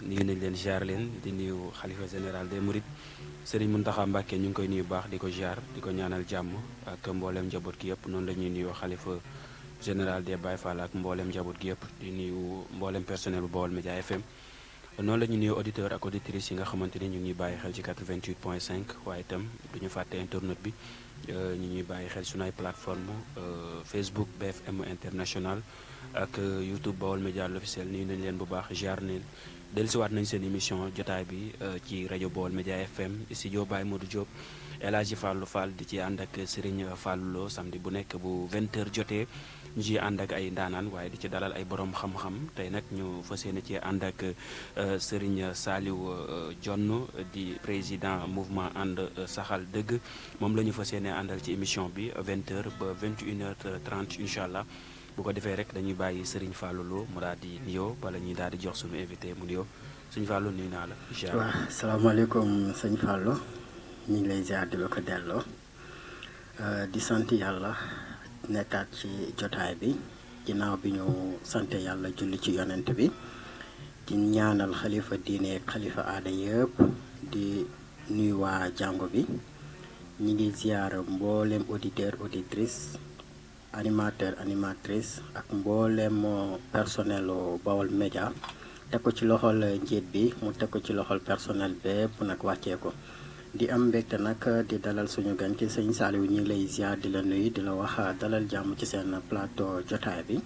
nii nañ leen ziar leen di nuyu xalifa général de des Mourides mun Mountakha Mbacké ñu ngi koy nuyu baax di ko jaar di ko ñaanal jàmm ak mbooleem njaboot gi yëpp noonu la ñuy nuyu xalifa général de Baye Fall ak mboolem njaboot gi yëpp di nuyu mboolem personnel bu Baol Média FM. noonu la ñu nuyu auditeurs ak auditrices yi nga xamante ni ñu ngi bàyyi xel ci 88 point 5 waaye itam du ñu fàtte internet bi euh, ñu ñuy bàyyi xel suñu ay plateforme euh, Facebook BFM international. ak euh, YouTube Baol Media officiel nuyu nañ leen bu baax jaar neen dellusiwaat nañ seen émission jotaay bi euh, ci rajo Baol Media FM studio Baye Modou Diop El Hadji Fallou Fall di ci ànd ak Serigne Fallou samedi bu nekk bu 20h jotee ñu ciy ànd ak ay ndaanaan waaye di ci dalal ay borom xam-xam tey nag ñu fas ci ànd ak euh, Serigne Saliou Dione di président mouvement ànd saxal dëgg moom la ñu fas yéene àndal ci émission bi 20h ba 21h30 incha allah. bu ko defee rek dañuy bàyyi Serigne Fallou Lo mu daal di nuyoo bala ñuy daal di jox suñu invité mu nuyoo Serigne Fallou nuyu naa la. incha allah waaw salaamaaleykum sëñ Fallou ñu ngi lay ziar di la ko delloo euh, di sant yàlla nekkaat ci jotaay bi ginnaaw bi ñu sant yàlla julli ci yonent bi di ñaanal xalifa diine xalifa aada yëpp di nuy waa jàngo bi ñu ngi ziar mbooleem auditeur auditrice animateur animatrice ak mbooleem personnel Baol Média teg ko ci loxol njiit bi mu teg ko ci loxol personnel bépp nag wàccee ko di am mbégte nag di dalal suñu gan ci sëñ yu ñu ngi lay ziar di la nuyu di la wax dalal jàmm ci seen plateau jotaay bi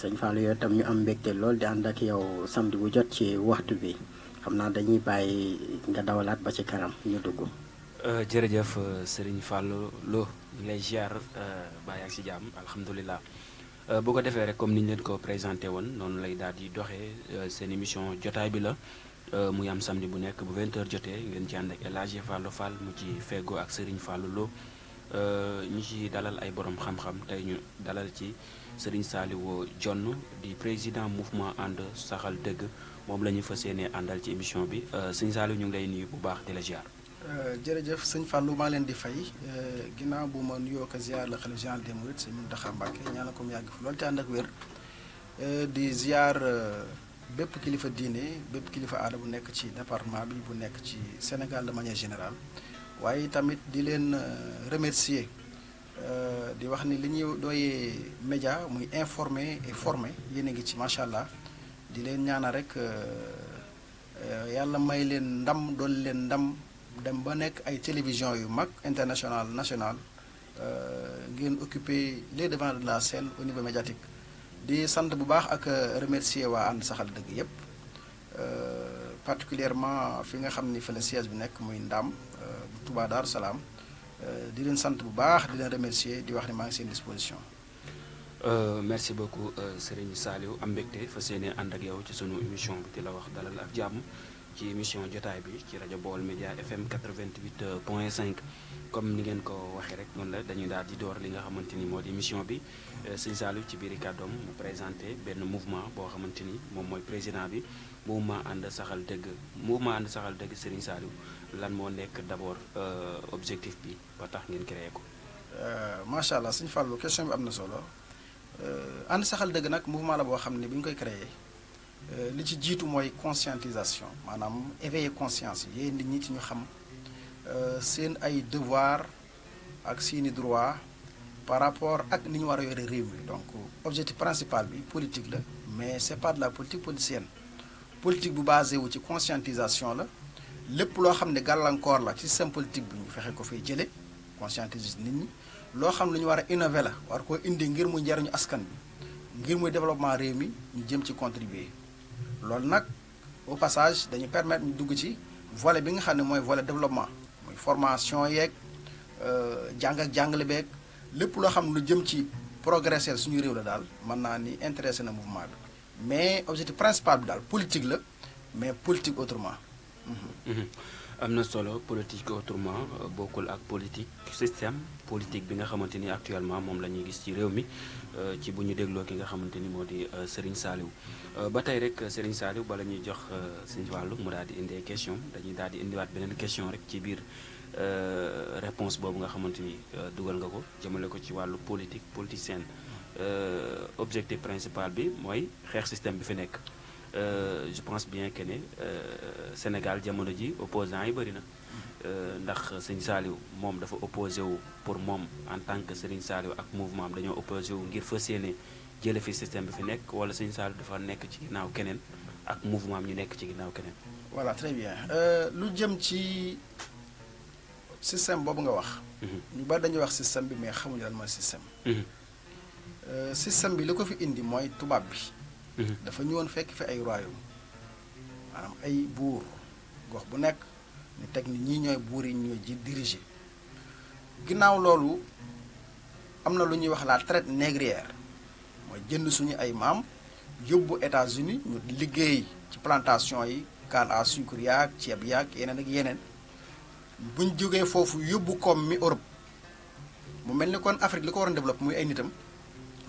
sëñ Fallou yow tam ñu am mbégte lool di ànd ak yow samedi bu jot ci waxtu bi xam naa dañuy bàyyi nga dawalaat ba ci kanam ñu dugg. Euh, jërëjëf euh, Serigne Fallou Lo. ñu lay ziar euh, baye ak si jàmm euh bu ko défé rek comme ni ñu leen ko présenté won non lay daal di doxee euh, seen émission jotay bi la euh muy am samedi bu nek bu 20h joté ngeen ci ànd ak El Hadji Fall mu ci fego ak Serigne Fallo Lo euh ñi ci dalal ay borom xam-xam tay ñu dalal ci Serigne Saliou Dione di président mouvement ànd saxal deug mom la ñu fas yéenee ci émission bi euh Serigne Saliou ñu ngi lay nuyu bu baax di la ziar. Euh, jërëjëf sëñ Fallou maa leen di fay euh, ginnaaw bu ma nuyoo ko ziar la xalif général des mourides sëñ Mountakha Mbacké ñaanal ko mu yàgg fi loolu te ànd ak wér euh, di ziar bépp kilifa diine bépp kilifa aada bu nekk ci département bi bu nekk ci Sénégal de manière générale waaye tamit di leen remercier di wax ni li ñuy dooyee média muy informé et former yéen a ngi ci macha allah di leen ñaanal rek yàlla may leen ndam doon leen ndam. dem ba nekk ay télévision yu mag international national euh, ngeen occuper les devants de la scène au niveau médiatique di sant bu baax ak euh, remercier waa ànd saxal dëgg yépp euh, particulièrement fi nga xam ni fa la siège bi nekk muy Ndaam bu Touba Daaru Salaam di leen sant bu baax di leen remercier di wax ni maa ngi seen disposition merci beaucoup Serigne Saliou am mbégte fa seene ànd ak yow ci sunu émission bi di la wax dalal ak jàmm ci émission jotaay bi ci rajo Baol Média FM 88 point 5 comme ni ngeen ko waxee rek noonu la dañuy daal di door li nga xamante ni moo di émission bi euh, sëñ Saliou ci biir kàddoom mu présenté benn mouvement boo xamante ni moom mooy président bi mouvement ànd saxal dëgg mouvement ànd saxal dëgg Serigne Saliou lan moo nekk d'abord euh, objectif bi ba tax ngeen créé ko. Euh, macha allah suñ Fallou question bi am na solo ànd saxal dëgg nag mouvement la boo xam ne bi ñu koy créé. Euh, li ci conscientisation manam éveiller conscience yé nit ñi ci ñu euh, devoir ak droit par rapport à ni war donc objectif principal politique la mais c'est pas de la politique La politique bu basé wu ci conscientisation la lépp loo la ci système politique bi ñu ko nit ñi la war indi ngir askan ngir développement mi contribuer lool nak au passage dañu permettre ñu dugg ci volet bi nga xam moy volet développement moy formation yeeg euh, jang ak jangale beeg lepp lo xam lu jëm ci progresser suñu réew la dal man na ni intéressé na mouvement bi mais objectif principal dal politique la mais politique autrement. Mm-hmm. Mm-hmm amna solo politique autrement euh, bokul ak politique système politique bi nga xamanteni actuellement mom lañuy gis ci réew mi euh, ci buñu ñu ki nga xamanteni modi euh, Serigne Saliou ba tay rek Serigne Saliou ba lañuy jox serigne wàllu mu daal di indi question dañuy daal di wat benen question rek ci bir réponse bobu nga xamanteni dugal nga ko jëmale ko ci walu politique politicienne objectif principal bi moy xex système bi fi nek euh, je pense bien que ne euh, Sénégal diamono ji opposant yi bari na euh, ndax sëñ Saliou mom dafa opposé wu pour mom en tant que Serigne Saliou ak mouvement am dañoo opposé wu ngir fassiyene yéene fi système bi fi nek wala sëñ Saliou dafa nek ci ginnaaw keneen ak mouvement am ñu nek ci ginnaaw keneen. voilà très bien euh lu jëm ci système bobu nga wax. Mhm. ñu ba dañu wax système bi mais xamuñu lan mo système. Mhm. euh système bi li fi indi moy tubaab bi. Mhm. dafa ñëwoon fekk fi ay royaume maanaam ay buur gox bu nekk ñu teg ni ñooy buur yi ñooy ji diriger ginnaaw loolu am na lu ñuy wax la traite négrière mooy jënd suñu ay maam yóbbu États-Unis ñu liggéey ci plantation yi canne à sucre yaag ceeb yaag yeneen ak yeneen buñ jógee foofu yóbbu koom mi Europe mu mel ni kon Afrique li ko war a muy ay nitam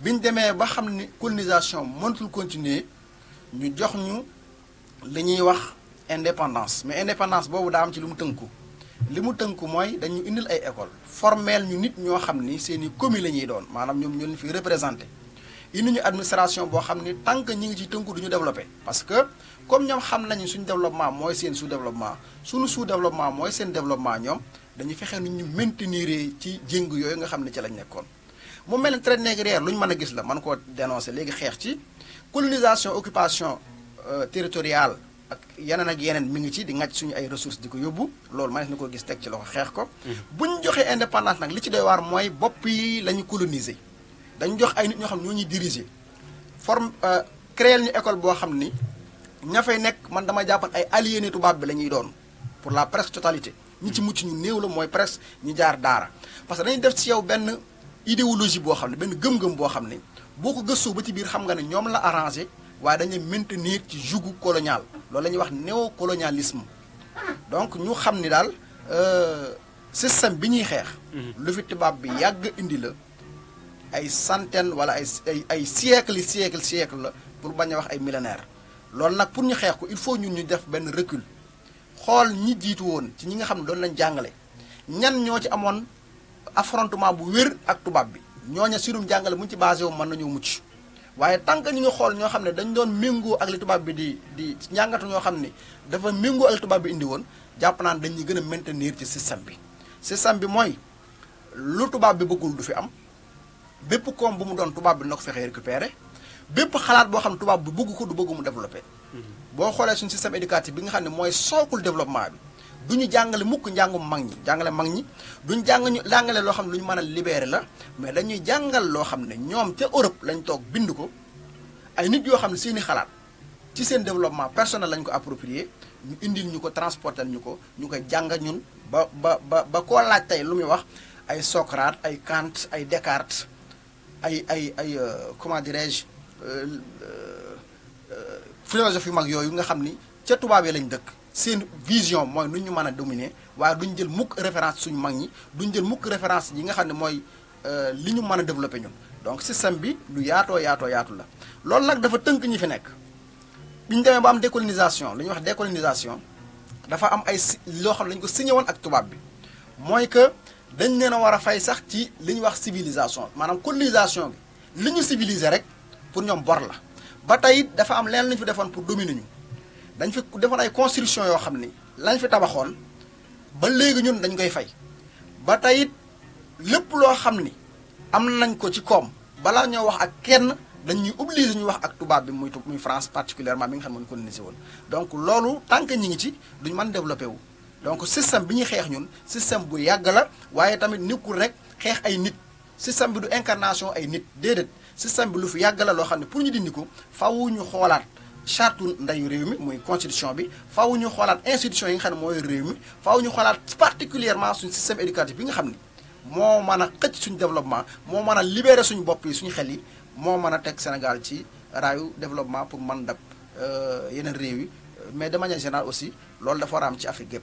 bi ñu demee ba xam colonisation mënatul continuer ñu jox ñu li ñuy wax indépendance mais indépendance boobu daa am ci lu mu tënku li mu tënku mooy dañu indil ay école formel ñu nit ñoo xam ni seen i communes la ñuy doon maanaam ñoom ñoo fi représenté indi ñu administration boo xam ni tant que ñi ngi ci tënku du ñu développé parce que comme ñoom xam nañu suñu développement mooy seen sous développement suñu sous développement mooy seen développement ñoom dañu fexe nu ñu maintenir ci jéng yooyu nga xam ne ci lañ nekkoon mu mel très traite négrière lu ñu gis la man ko dénoncer légui xeex ci colonisation occupation euh, territoriale ak yeneen ak yenen mi ngi ci di ngaj suñu ay ressources di ko yóbbu loolu mënees na ko gis tek ci loxo xeex ko. Mhm. buñ ñu indépendance nak li ci doy war moy bop yi lañu coloniser dañ jox ay nit ñoo xam ñoo ñuy diriger forme euh, créer ñu école bo xamni ña fay nek man dama jappal ay aliéné tubaab bi lañuy doon pour la presque totalité. ñi ci mucc ñu néew la moy presque ñu jaar daara parce que dañuy def ci yow benn idéologie boo xam ne benn gëm-gëm boo xam ne boo ko gëstoo ba ci biir xam nga ne ñoom la arrangé waaye dañuy maintenir ci jugu colonial loolu la ñuy wax néocolonialisme donc ñu xam ni daal euh, système bi ñuy xeex. Mm-hmm. lu fi tubaab bi yàgg indi la ay centaine wala ay ay ay siècle siècle siècle la pour bañ a wax ay millénaire loolu nag pour ñu xeex ko il faut ñun ñu def benn recul xool ñi jiitu woon ci ñi nga xam ne doon lañ jàngale ñan ñoo ci amoon. affrontement bu wér ak tubaab bi ñooña sirum jàngale mu ñu ci basé wu mën nañoo mucc waaye tant que ñu ngi xool ñoo xam ne dañ doon méngoo ak li tubaab bi di di njàngatu ñoo xam ne dafa méngoo ak li tubaab bi indi woon jàpp naan dañuy gën a maintenir ci système bi système bi mooy lu tubaab bi bëggul du fi am bépp koom bu mu doon tubaab bi na ko fexee récupérer bépp xalaat boo xam tubaab bu bëgg ko du bëgg mu développé mm-hmm. boo xoolee suñu système éducatif bi nga xam ne mooy sookul développement bi du ñu jàngale mukk njàngum mag ñi jàngale mag ñi duñ jàng ñu jàngale loo xam ne lu ñu mën a libéré la mais dañuy jàngal loo xam ne ñoom ca Europe lañu toog bind ko ay nit yoo xam ne seeni xalaat ci seen développement personnel lañ ko approprié ñu indil ñu ko transporter ñu ko ñu ko jàng ñun ba ba ba ba koo laaj tey lu muy wax ay Socrate ay Kant ay Descartes ay ay ay euh, comment dirais-je euh, euh, philosophie mag yooyu nga xam ni ca tubaab yi lañ dëkk. seen vision mooy nu ñu mën a dominer waaye duñ jël mukk référence suñu mag ñi duñ jël mukk référence yi nga xam ne mooy euh, li ñu mën a développer ñun donc système bi lu yaatoo yaatoo yaatu la loolu nag dafa tënk ñi fi nekk bi ñu demee ba am décolonisation lu ñuy wax décolonisation dafa am ay si loo xam ne dañu ko signé woon ak tubaab bi mooy que dañ leen a war a fay sax ci li ñuy wax civilisation maanaam colonisation bi li ñu civilisé rek pour ñoom bor la ba tey dafa am leen lu ñu fi defoon pour dominer ñu dañ fi defar ay construction yoo xam ni lañ fi tabaxoon ba léegi ñun dañ koy fay ba tayit it lépp loo xam ni am nañ ko ci koom balaa ñoo wax ak kenn dañuy obligé ñu wax ak tubaab bi muy muy France particulièrement mi nga xam ne ko colonisé woon donc loolu tant que ñi ngi ci duñ mën développé wu donc système bi ñuy xeex ñun système bu yàgg la waaye tamit nekkul rek xeex ay nit système bi du incarnation ay nit déedéet système bi lu fi yàgg la loo xam ne pour ñu dindiku ko faaw ñu xoolaat charte ndayu réew mi muy constitution bi faaw ñu xolaat institution yi nga xamne moy mooy réew mi faaw ñu xolaat particulièrement suñu système éducatif bi nga xamne mo mëna xëc suñu développement mo mëna libérer suñu bop yi suñu xel yi mo mëna tek Sénégal ci rayu développement pour man dab euh yeneen réew yi mais de manière générale aussi loolu dafa war am ci Afrique gep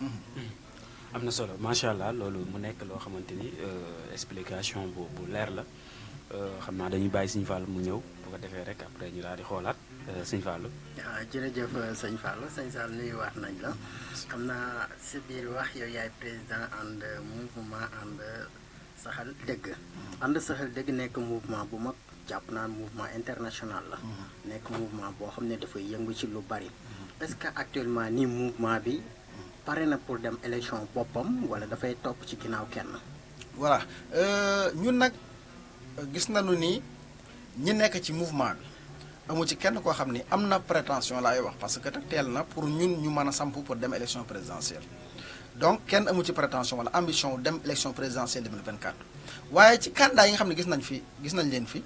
mm-hmm. amna na solo macha allah loolu mu nekk lo xamanteni euh explication bu bu leer la euh xamna dañuy bay suñu fall mu ñëw bu ko défé rek après ñu daal di xolaat Euh, sëñ Fallou. waaw ah, jërëjëf euh, sëñ Fallou sëñ Sall nuyuwaat nañ la xam naa si biir wax yow yaay président ànd mouvement ànd saxal dëgg. Mm-hmm. ànd saxal dëgg nekk mouvement bu mag jàpp naan mouvement international la. Mm-hmm. nekk mouvement boo xam ne dafay yëngu ci lu bari. Mm-hmm. est-ce que actuellement nii mouvement bi pare na pour dem élection boppam wala dafay topp ci ginnaaw kenn. voilà euh, ñun nag gis nañu ni ñu nekk ci mouvement bi. amu ci kenn koo xam ni am na prétention laay wax parce que teg teel na pour ñun ñu mën a samp pour dem élection présidentielle donc kenn amu ci prétention wala ambition dem élection présidentielle 2024 waaye ci candidat yi nga xam ne gis nañ fi gis nañ leen fi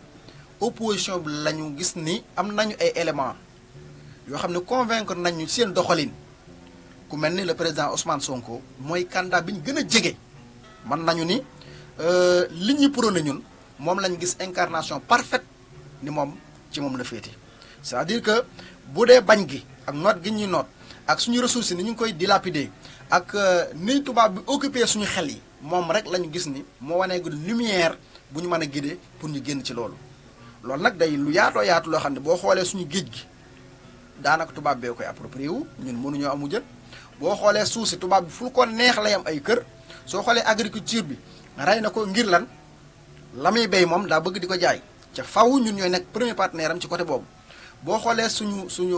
opposition bi la gis ni am nañu ay éléments yoo xam ne convaincre nañu seen doxalin ku mel ni le président Ousmane Sonko mooy candidat bi ñu gën a jege mën nañu ni euh, li ñuy prôné ñun moom lañ gis incarnation parfaite ni moom ci moom la féete c'est à dire que bu dee bañ gi ak noot gi ñuy noot ak suñu ressource ni ñu koy dilapider ak euh, ni tubaab bi occuper suñu xel yi moom rek lañu gis ni moo gu lumière bu ñu mën a guider pour ñu génn ci loolu loolu nag day lu yaatoo yaatu loo xam ne boo xoolee suñu géej gi daanaka tubaab bee koy approprié wu ñun mënuñoo amu jën boo xoolee suuf si tubaab bi fu ko neex la yam ay kër soo xoolee agriculture bi ray na ko ngir lan la muy bay moom daa bëgg di ko jaay ca faw ñun ñoy nekk premier partenaire am ci côté boobu bo xolé suñu suñu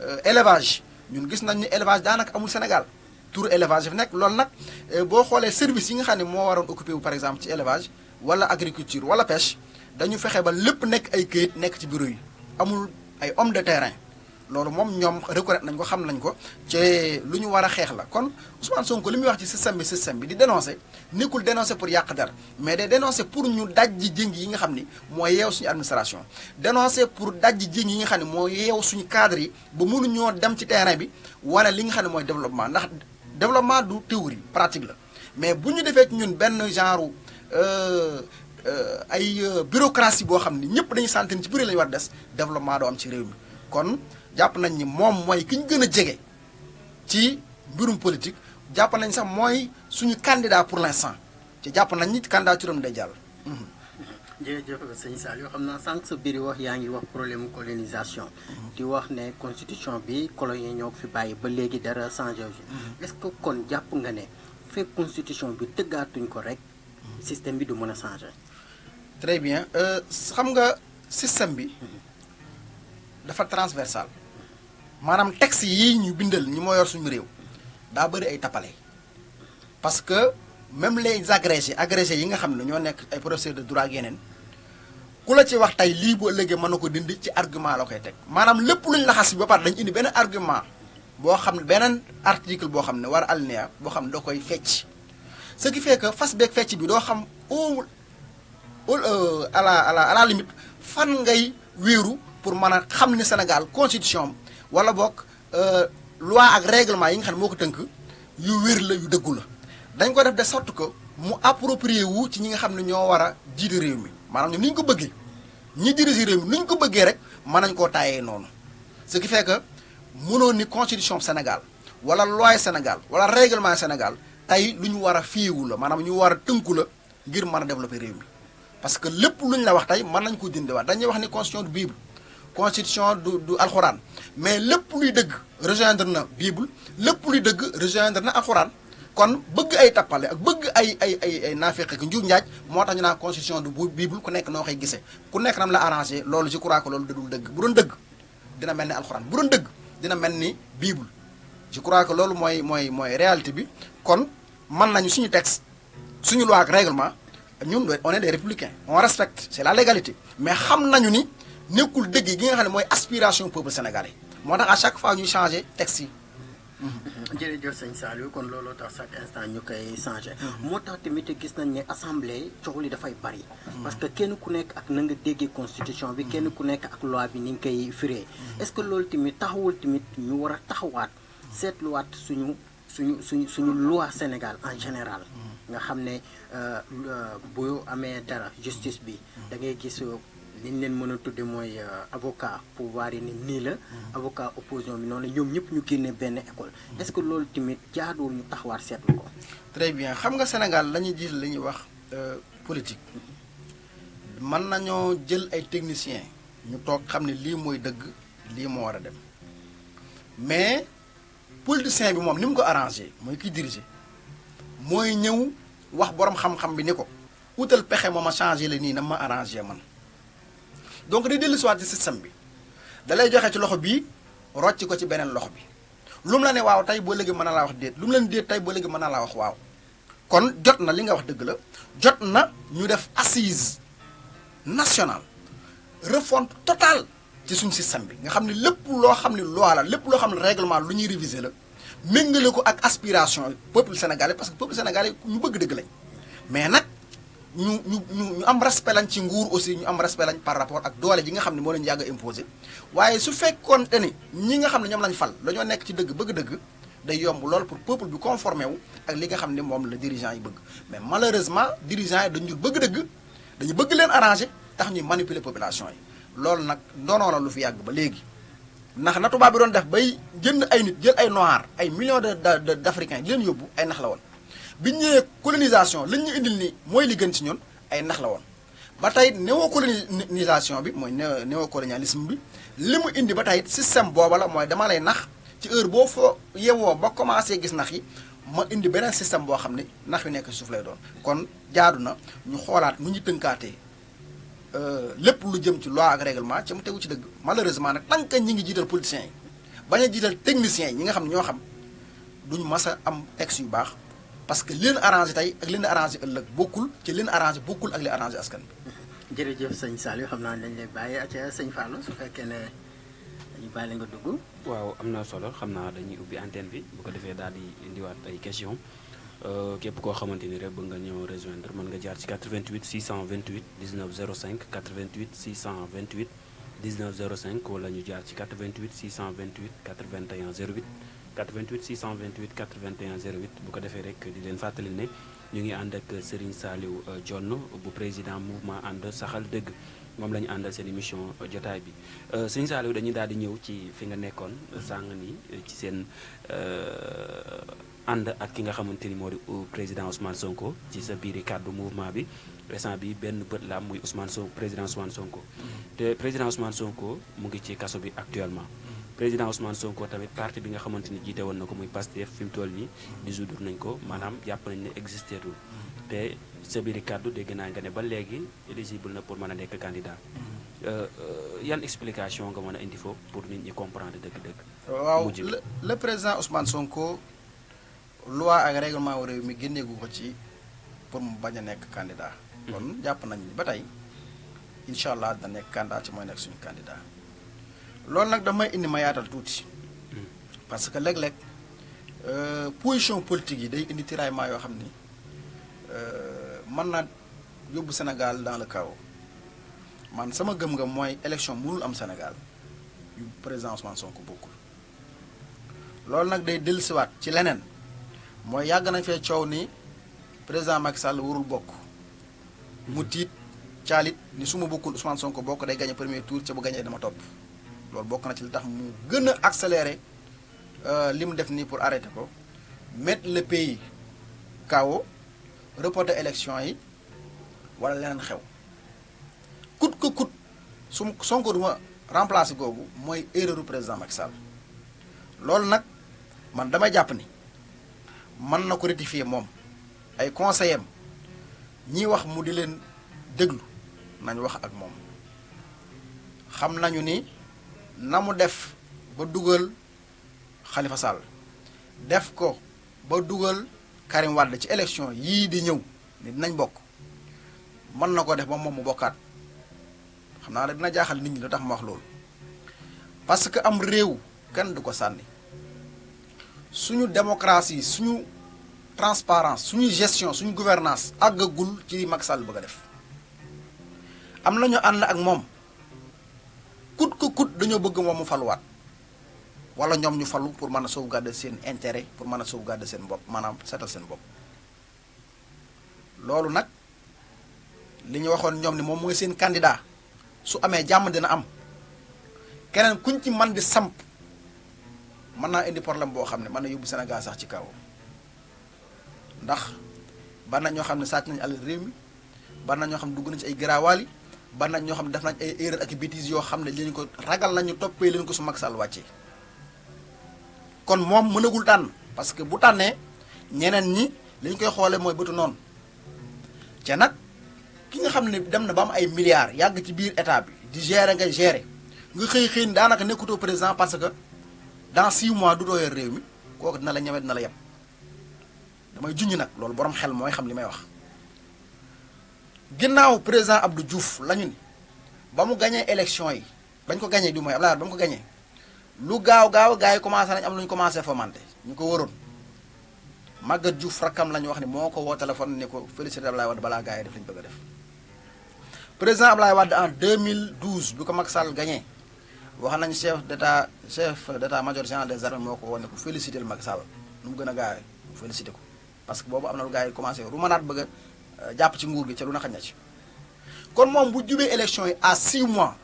euh, élevage ñun gis nañ ni élevage daanaka amul Sénégal tour élevage nek lool nak euh, bo xolé service yi nga xam ne moo waroon occupé wu par exemple ci élevage wala agriculture wala pêche dañu fexé ba lepp nek ay këyit nek ci bureau yi amul ay homme de terrain loolu mom ñom reconnaître nañ ko xam nañ ko ci luñu wara war la kon Ousmane Sonko limi wax ci système bi système bi di dénoncer nekkul dénoncer pour yàq der mais day dénoncer pour ñu dajji jing yi nga xamni ni yew suñu administration dénoncer pour dajji jing yi nga xamni ne yew yeew suñu cadre bu mënu ñoo dem ci terrain bi wala li nga xamni ne développement ndax développement du théorie pratique la mais buñu défé ci ñun ben genre euh, euh, ay euh, bureaucratie bo xamni ni ñëpp dañuy santen ci bëri la war dess développement do am ci réew mi kon japp nañ ni mom moy kiñu gëna jégé ci mbirum politique japp nañ sax moy suñu candidat pour l'instant ci jàpp nañ ni candidature am day jàll. Mhm. jërëjëf sëñ Saliou xam naa sànq sa biir wax yaa ngi wax problème colonisation. Mhm. di wax ne constitution bi colonie ñoo ko fi bàyyi ba léegi dara changé mhm. est-ce que kon jàpp nga ne fekk constitution bi tëggaatuñ ko rek. système bi du mën a changé. très bien euh, xam nga système bi dafa transversal maanaam texte yi ñu bindal ñi moo yor suñu réew daa bëri ay tappale. parce que même les agrégés agrégés yi nga xam ne ñoo ay professeurs de droit ak yeneen ku la ci wax tey lii bu ëllëgee mën na ci argument la koy teg maanaam lépp luñ la xas bi ba pare dañu indi benn argument boo xam ne article boo xam ne war alinéa boo xam ne da fecc ce qui fait que fas beeg fecc bi do xam au euh, à la à la à la limite fan ngay wéru pour mën a xam ne Sénégal constitution wala bok euh loi ak règlement yi nga xam moko teunk yu wér la yu deugul la. dañ ko def de sorte que mu approprier wu ci ñi nga xam ne ñoo war a jiite réew mi maanaam ñoom ni ñu ko bëggee ñi dirige réew mi ni ñu ko bëggee rek mën nañ koo taayee noonu ce qui fekk que mënoon ni constitution Sénégal wala loi Sénégal wala règlement Sénégal tey lu ñu war a fiiwu la maanaam ñu war a tënku la ngir mën a développer réew mi parce que lépp lu ñu la wax tey mën nañ ko dindiwaat dañuy wax ni constitution du Bible constitution du alxuraan mais lépp luy dëgg rejoindre na Bible lépp luy dëgg rejoindre na alxuraan kon bëgg ay tapalé ak bëgg ay ay ay ay naafeq ak njuuj njaaj moo tax ñu constitution du bible ku nekk no xey gisee ku nekk nam la arranger loolu je crois que loolu dadul dëgg bu doon dëgg dina melni alcorane bu doon dëgg dina melni bible je crois que loolu mooy mooy mooy réalité bi kon man nañu suñu texte suñu loi ak règlement ñun on est des républicains on respecte c'est la légalité mais xam nañu ni nekkul dëgg gi nga xam ne mooy aspiration peuple sénégalais moo tax à chaque fois ñu changer texte yi Mhm. jërëjëf sëñ salu kon lolo tax chaque instant ñukay changer motax que gis nañ vous assemblée dit bari mhm. parce que kenn ku ak na nga constitution bi mhm. ku ak loi bi ni est-ce que lolo que taxawul ñu suñu suñu suñu loi Sénégal en général nga euh, euh, bu justice bi da li ñu leen mën tudde mooy euh, avocat pouvoir yi ni la mm-hmm. avocat opposition bi noonu la ñoom ñu génne benn école mm-hmm. est-ce que loolu tamit jaaduwul ñu taxawaat seetlu ko très bien xam nga Sénégal la ñuy gis li ñuy wax euh, politique man nañu jël ay techniciens ñu tok xamné li moy mooy li mo wara war a dem mais politicien bi mom nim ko arranger moy ki diriger moy ñew wax borom xam-xam bi ni ko utal pexe moom a changé la nii na ma arrangé man donc day dellu siwaat ci système bi dalay lay joxe ci loxo bii rocc ko ci beneen loxo bi lu mu la ne waaw tey boo léegi mën na laa wax déet lu mu la ne déet tey boo léegi mën na laa wax waaw kon jot na li nga wax dëgg la jot na ñu def assise nationale refonte totale ci suñ système bi nga xam ne lépp loo xam ne loi la lépp loo xam ne règlement lu ñuy réviser la méngale ko ak aspiration peuple sénégalais parce que peuple sénégalais ñu bëgg dëgg lañ mais nag ñu ñu ñu am respect lañ ci nguur aussi ñu am respect lañ par rapport ak doole ji nga xam ne moo leen yàgg a imposé waaye su fekkoon te ni ñi nga xam ne ñoom lañ fal dañoo nekk ci dëgg bëgg dëgg day yomb lool pour peuple bi conformé wu ak li nga xam ne moom la dirigeant yi bëgg mais malheureusement dirigeant yi dañu bëgg dëgg dañu bëgg leen arrangé tax ñuy manipuler population yi loolu nag doonoo la lu fi yàgg ba léegi ndax na tubaab bi doon def bay jënd ay nit jël ay noir ay millions de d'africains di leen yóbbu ay nax la woon bi ñu ñëwee colonisation lañ ñu indil ni mooy li gën ci ñun ay nax la woon ba tey néocolonisation bi mooy néocolonialisme bi li mu indi ba tey système booba la mooy dama lay nax ci heure boo foo yewoo ba commencé gis nax yi ma indi beneen système boo xam ne nax yu nekk ci suuf lay doon kon jaadu na ñu xoolaat nu ñu tënkaatee euh, lépp lu jëm ci loi ak règlement ci mu tegu ci dëgg malheureusement nag tant que ñi ngi jiital politiciens yi bañ a jiital techniciens yi ñi nga xam ne ñoo xam duñu mas a am texte yu baax parce que leen arrangé tey ak leen arrangé ëllëg bokkul ci leen arrangé bokkul ak li arrangé askan bi. sañ saal Saliou xam naa dañ lay bàyyi ak sëñ Fallou su fekkee ne dañu bàyyi la dugg. waaw am na solo xam naa dañuy ubbi antenne bi bu ko defee daal di indiwaat ay question euh, képp koo xamante ni rek bëgg nga ñëw rejoindre mën nga jaar ci 88 628 19 05 88 628 19 05 wala ñu jaar ci 88 628 81 08. 88 628 81 08 bu ko defee rek di leen fàttali ne ñu ngi ak Serigne euh, bu président mouvement ànd saxal Deg, mom lañu andal àndal seen émission euh, jotaay bi euh, Serigne Saliou dañuy daal di ñëw ci fi nga nekkon sang ni ci seen and ak ki nga xamanteni modi président Ousmane Sonko ci sa biiri cadre mouvement bi récent bi ben beut la muy Ousmane Sonko président Ousmane Sonko mm-hmm. te président Ousmane Sonko mu ngi ci kasso bi actuellement. président Ousmane Sonko tamit parti bi nga xamante ni jiite woon na ko muy Pastef fi mu toll nii dissoudre nañ ko maanaam jàpp nañ ne existeetul te sa biir kàddu dégg naa nga ne ba léegi éligible na pour mën a nekk candidat mm-hmm. euh, euh, yan explication nga mën a indi foofu pour nit ñi comprendre dëgg-dëgg. waaw le président Ousmane Sonko loi ak règlement réew mi génneegu ko ci pour mu bañ a nekk candidat. Mm-hmm. kon jàpp nañ ba tey incha allah dana nekk candidat ci suñu candidat. loolu nag damay indi ma yaatal tuuti parce que léeg-léeg euh, position politique yi day indi tiraillement yoo xam ni euh, mën naa yóbbu Sénégal dans le kaw man sama gëm nga mooy élection mënul am Sénégal yu président Ousmane Sonko bokkul loolu nag day dellusiwaat ci leneen mooy yàgg nañ fee coow ni président Macky Sall warul bokk mu tiit caalit ni su ma bokkul Ousmane Sonko bokk day gagné premier tour ca bu gañee dama topp. loolu bokk na ci li tax mu gën a accélérer euh, li mu def nii pour arrêter ko mettre le pays KO reporter élection yi walla leen xew coûte ko coûte su Sonko duma remplacer googu mooy erreur du président Macky loolu nag man damay jàpp ni mën na ko rectifier moom ay conseillers am wax mu di leen déglu nañ wax ak moom xam nañu ni. na mu def ba dugal Khalifa Sall def ko ba dugal Karim Wade ci élection yii di ñëw ni dinañ bokk mën na ko def ba moom mu bokkaat xam naa ne dina jaaxal nit ñi lu tax ma wax loolu parce que am réew kenn du ko sànni suñu démocratie suñu transparence suñu gestion suñu gouvernance àggagul ci Macky Sall bëgg def am nañu ànd ak moom dañoo bëgg moom mu faluwaat wala ñoom ñu falu pour mën a sauvegarder seen intérêt pour mën a sauvegarder seen bopp maanaam seetal seen bopp loolu nag li ñu waxoon ñoom ni moom mooy seen candidat su amee jàmm dina am keneen kuñ ci man di samp mën naa indi problème boo xam ne mën na yóbbu Sénégal sax ci kaw ndax ban na ñoo xam ne sàcc nañu àll réew mi ban na ñoo xam ne dugg nañ ci ay garaawaali ba nañ ñoo xam ne def nañ ay erreur ak bêtises yoo xam ne lañ ko ragal nañu toppee leen ko su mag sal wàcce kon moom mënagul tànn parce que bu tànnee ñeneen ñi liñ koy xoolee mooy bëtu noonu ca nag ki nga xam ne dem na ba am ay milliards yàgg ci biir état bi di gérer nga gérer nga xëy xëy daanaka nekkutoo président parce que dans six mois du dooyal réew mi kooku dina la ñeme dina la yem damay junj nag loolu borom xel mooy xam li may wax ginnaaw président ab du juuf lañu ni ba mu gañee élection yi bañ ko gañee du mooy Abdoulaye ba mu ko gañee lu gaaw gaaw gars yi commencé nañ am lu commencé fomante ñu ko waroon Maguette Diouf rakkam la ñu wax ni moo ko woo téléphone ne ko félicité Abdoulaye Wade balaa gars yi def lañu bëgg a def président Abdoulaye Wade en 2012 bi ko mag Sall gañee wax nañ chef d'état chef d'état major général des armées moo ko woo ne ko félicité Macky Sall nu mu gën a gaawee félicité ko parce que boobu am na lu gars yi commencé ru mënaat bëgg Euh, jàpp ci nguur gi ci lu na xaj ci kon mom bu jubee élection yi à 6 mois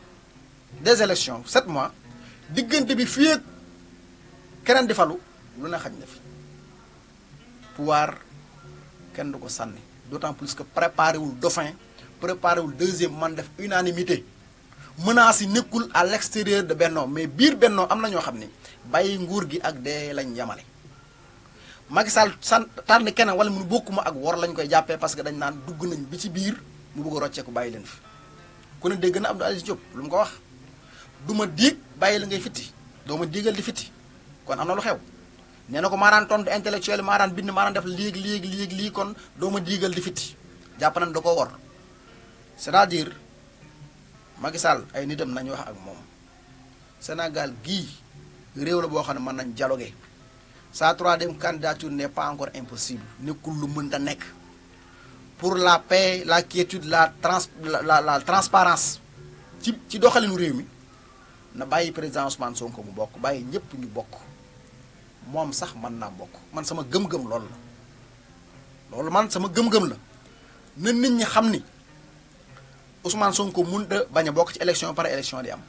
des élections 7 mois digënté bi fii ak defalu lu na xaj na fi pouvoir kenn du ko sànni d'autant plus que préparé wul dauphin préparé wul deuxième man def unanimité menaces yi à l'extérieur de Benno mais biir Benno amna na ñoo xam ni bàyyi nguur gi ak dé lañ yamale Macky Sall tan kenen wala mënu bokuma ak wor lañ koy jappé parce que dañ nan dugg nañ bi ci biir mu bëgg a ko bàyyi fi ku ne dégg na Abdou Aziz Diop lu mu ko wax duma dig diig la ngay fitti do ma digal di fitti kon amna lu xew nee na ko maaraan tontu intellectuel maran bind maran def lig lig lig li kon do ma digal di fitti japp nañ da wor c'est-à-dire Macky Sall ay nitam nañ wax ak mom Sénégal gi réew la bo man nañ dialoguer sa troisième candidature n'est pas encore impossible pour la paix la quiétude la la transparence ci ci nous mi na baye président Ousmane Sonko mu ñu man sama la man sama ni Ousmane Sonko élection par élection di am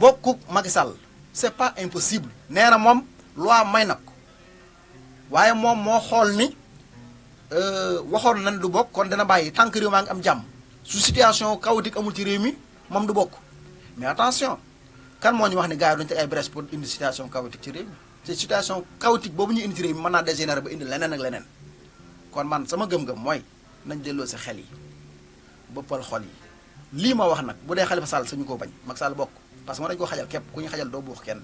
être. c'est pas impossible loi may nag waaye moom moo xool ni euh, waxoon nan du bokk kon dana bàyyi tant que réew maa ngi am jàmm su situation chaotique amul ci réew mi moom du bokk mais attention kan moo ñu wax ne gars yi ay brèche pour indi situation chaotique ci réew mi boobu ñu indi mi mën naa dégénérer ba indi leneen ak leneen kon man sama gëm-gëm mooy nañ delloo si xel yi bëppal xol yi lii ma wax nag bu dee Xalifa Sall sañu ko bañ Macky Sall bokk parce que moo dañu ko xajal képp ku ñu xajal doo buux kenn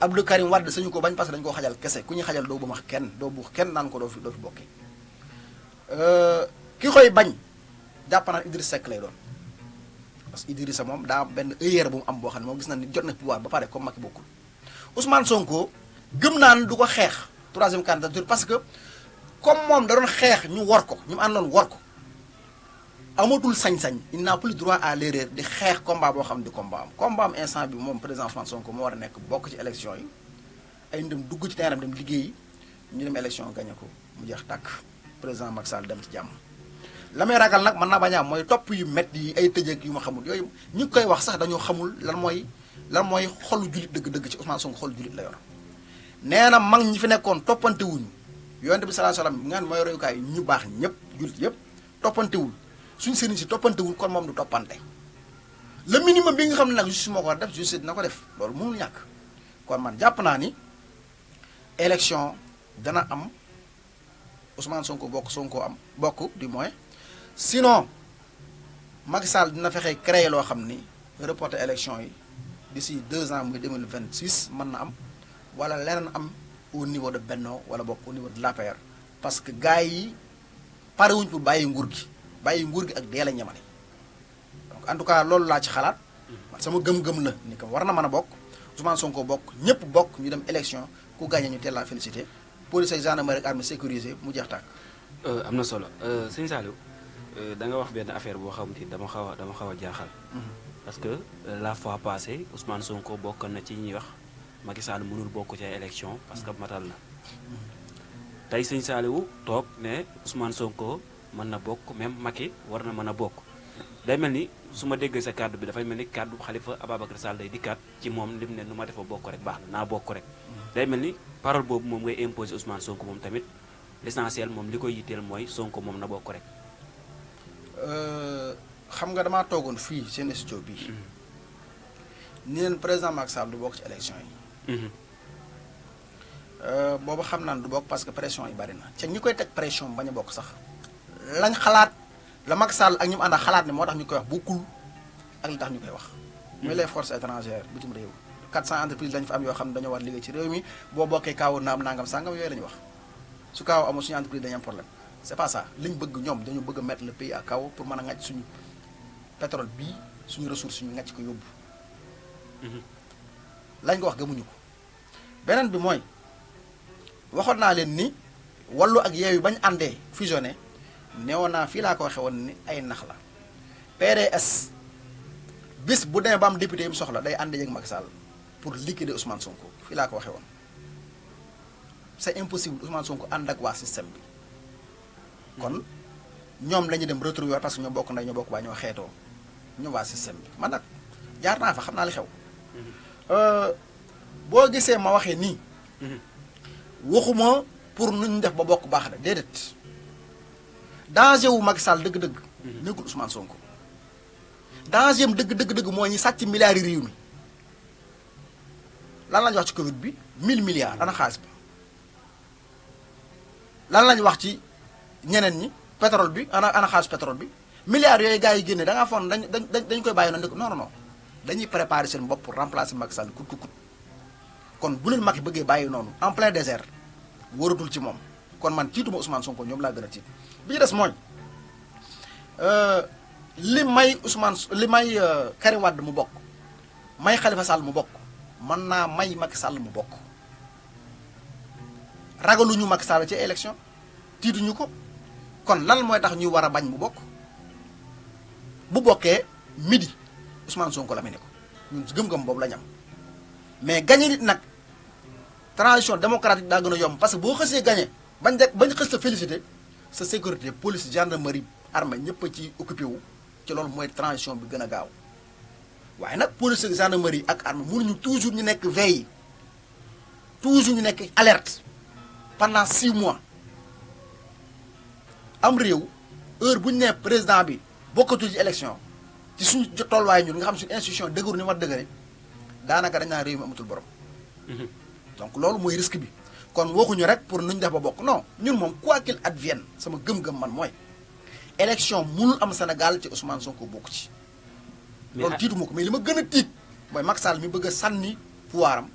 Abdou Karim Wade sañu ko bañ parce que dañu ko xajal kese ku ñu xajal doo bu kenn doo buux kenn naan ko doo fi doo fi bokkee euh, ki koy bañ jàpp naa Idriss lay doon parce que Idrissa moom daa benn erreur bu am boo xam ne moom gis na ni jot na pouvoir ba pare comme Macky bokkul Ousmane Sonko gëm naa ne du ko xeex troisième candidature parce que comme moom da doon xeex ñu war ko ñu àndoon war ko. amatul sañ-sañ il n'a plus droit à l'erreur di xeex combat boo xam di combat am combat am instant bi moom président Ousmane Sonko moo war a nekk bokk ci élection yi ay ñu dem dugg ci terrain dem liggéeyi ñu dem élection gagné ko mu jeex tàkk président Macky Sall dem ci jàmm la may ragal nag mën naa bañ a am mooy topp yu met yi ay tëjeeg yu ma xamul yooyu ñu koy wax sax dañoo xamul lan mooy lan mooy xolu julit dëgg-dëgg ci Ousmane Sonko xolu julit la yor nee na mag ñi fi nekkoon toppante wuñu yonent bi sallallahu alayhi wasallam nga xam ne mooy royukaay ñu baax ñëpp julit yëpp toppantewul suñ ci si wul kon moom du toppante le minimum bi nga xam ne nag justice moo ko def juste dina ko def loolu mënul ñàkk kon man jàpp naa ni élection dana am Ousmane Sonko bokk Sonko am bokk du moins sinon Macky Sall dina fexe créer loo xam ni reporter élection yi d'ici deux ans muy 2026 mën na am wala leneen am au niveau de Benno wala bokk au niveau de l'APR parce que gars yi wuñ pour bàyyi nguur gi bàyyi nguur gi ak dee la ñamale donc en tout cas loolu laa ci xalaat sama gëm-gëm la ni ko war na mën a bokk Ousmane Sonko bokk ñëpp bokk ñu dem élection ku gagné ñu teel laa félicité police ak gendarmerie ak armée sécurisée mu jeex tàkk. Euh, am na solo euh, sëñ Saliou euh, da nga wax benn affaire boo xam ni dama xaw a dama xaw a jaaxal. Mhm. parce que la fois passée Ousmane Sonko bokk na ci ñuy wax Macky Sall mënul bokk ci ay élection parce que matal na mhm. tey sëñ Saliou toog ne Ousmane Sonko. mën na bokk même Macky war na mën a bokk day melni suma déggé sa cadre bi da fay melni cadre Khalifa ababakar Sall day dikkaat ci mom lim ne nu ma defa bokk rek baax na naa bokk rek day melni parole bobu mom ngay imposer Ousmane Sonko mom tamit l'essentiel mom li yitel moy Sonko mom na bokk rek euh xam nga dama togon fi seen studio bi mhm. ni len président Macky Sall du bokk ci élection yi mhm. euh, boobu xam naa du bokk parce que pression yi bari na ca ñi koy tek pression baña a bokk sax lañ xalaat la Macky Sall ak ñum and xalaat ne moo tax ñu koy wax bokul ak li tax ñu koy wax mais les forces étrangères bitim rew 400 entreprises lañ fa am yo xam dañu war liggé ci rew mi boo bokkee kaawu naam nangam sangam yoy lañ wax su kaw amu suñu entreprise dañu am problème c'est pas ça liñ bëgg ñom dañu bëgg mettre le pays à kaw pour mëna ngacc suñu pétrole bi suñu ressource ñu ngacc ko hmm lañ ko wax gëmuñu ko benen bi moy waxon na len ni wallu ak yeewi bañ andé fusionné newoon fi la ko waxee ni ay nax la PDS bis bu demee bam député yi soxla day ande yëg Macky Sall pour liquider Ousmane Sonko fi la ko waxee woon c'est impossible Ousmane Sonko ànd ak wa système bi kon ñom la dem retrouver parce que ñoo bokk nday ñoo bokk ba ñu xéto ñu wa système bi man nak jaar na fa xamna li xew bo gisee ma waxee ni waxuma pour nuñ def ba bokk baax de danger wu Macky Sall dëgg-dëgg. nekkul Ousmane Sonko. danger am dëgg dëgg dëgg mooy ñi sàcc milliards yi mi lan la ñu wax ci Covid bi 1000 milliards ana bi lan la ñu wax ci ñeneen ñi pétrole bi ana ana xaalis pétrole bi milliards yooyu gars yi génne da ngaa foog dañ dañ dañ koy bàyyi noonu non non non dañuy préparer seen bopp pour remplacer Macky Sall kut kut kon bu leen Macky bëggee bàyyi noonu en plein désert wóoratul ci moom kon man tiituma Ousmane Sonko ñoom laa gën a bi des mooy euh, li may Ousmane li may euh, Karim wad mu bok may Khalifa Sall mu bok man na may Macky Sall mu ragalu ñu Macky Sall ci ko kon lan moy tax ñu wara bañ mu bok bu bokkee midi Ousmane Sonko la mu ne ko ñun gëm-gëm bobu la ñam mais gagné nit nak transition démocratique da gëna yom parce que bo xëssé gagné bañ bañ xëss féliciter sa sécurité police gendarmerie armée ñëpp ci occupé wu ci loolu moy transition bi gëna a gaaw waaye nag police gendarmerie ak armée mënuñu toujours ñu nekk veille toujours ñu nekk alerte pendant six mois am réew heure bu ñu président bi bokkatul ci élection ci suñu tolluwaay ñun nga xam suñu institution dëgëru ni war dëgëre daanaka dañ naan réew mi amatul borom mhm. donc loolu mooy risque bi kon waxuñu rek pour nuñ def ba bokk non ñun moom quoi qu'il advienne sama gëm-gëm man mooy élection munul am Sénégal ci Ousmane Sonko bokk ci. loolu tiituma ah ko mais li ma gën a tiit mooy Macky Sall mi bëgg a sànni pouvoiram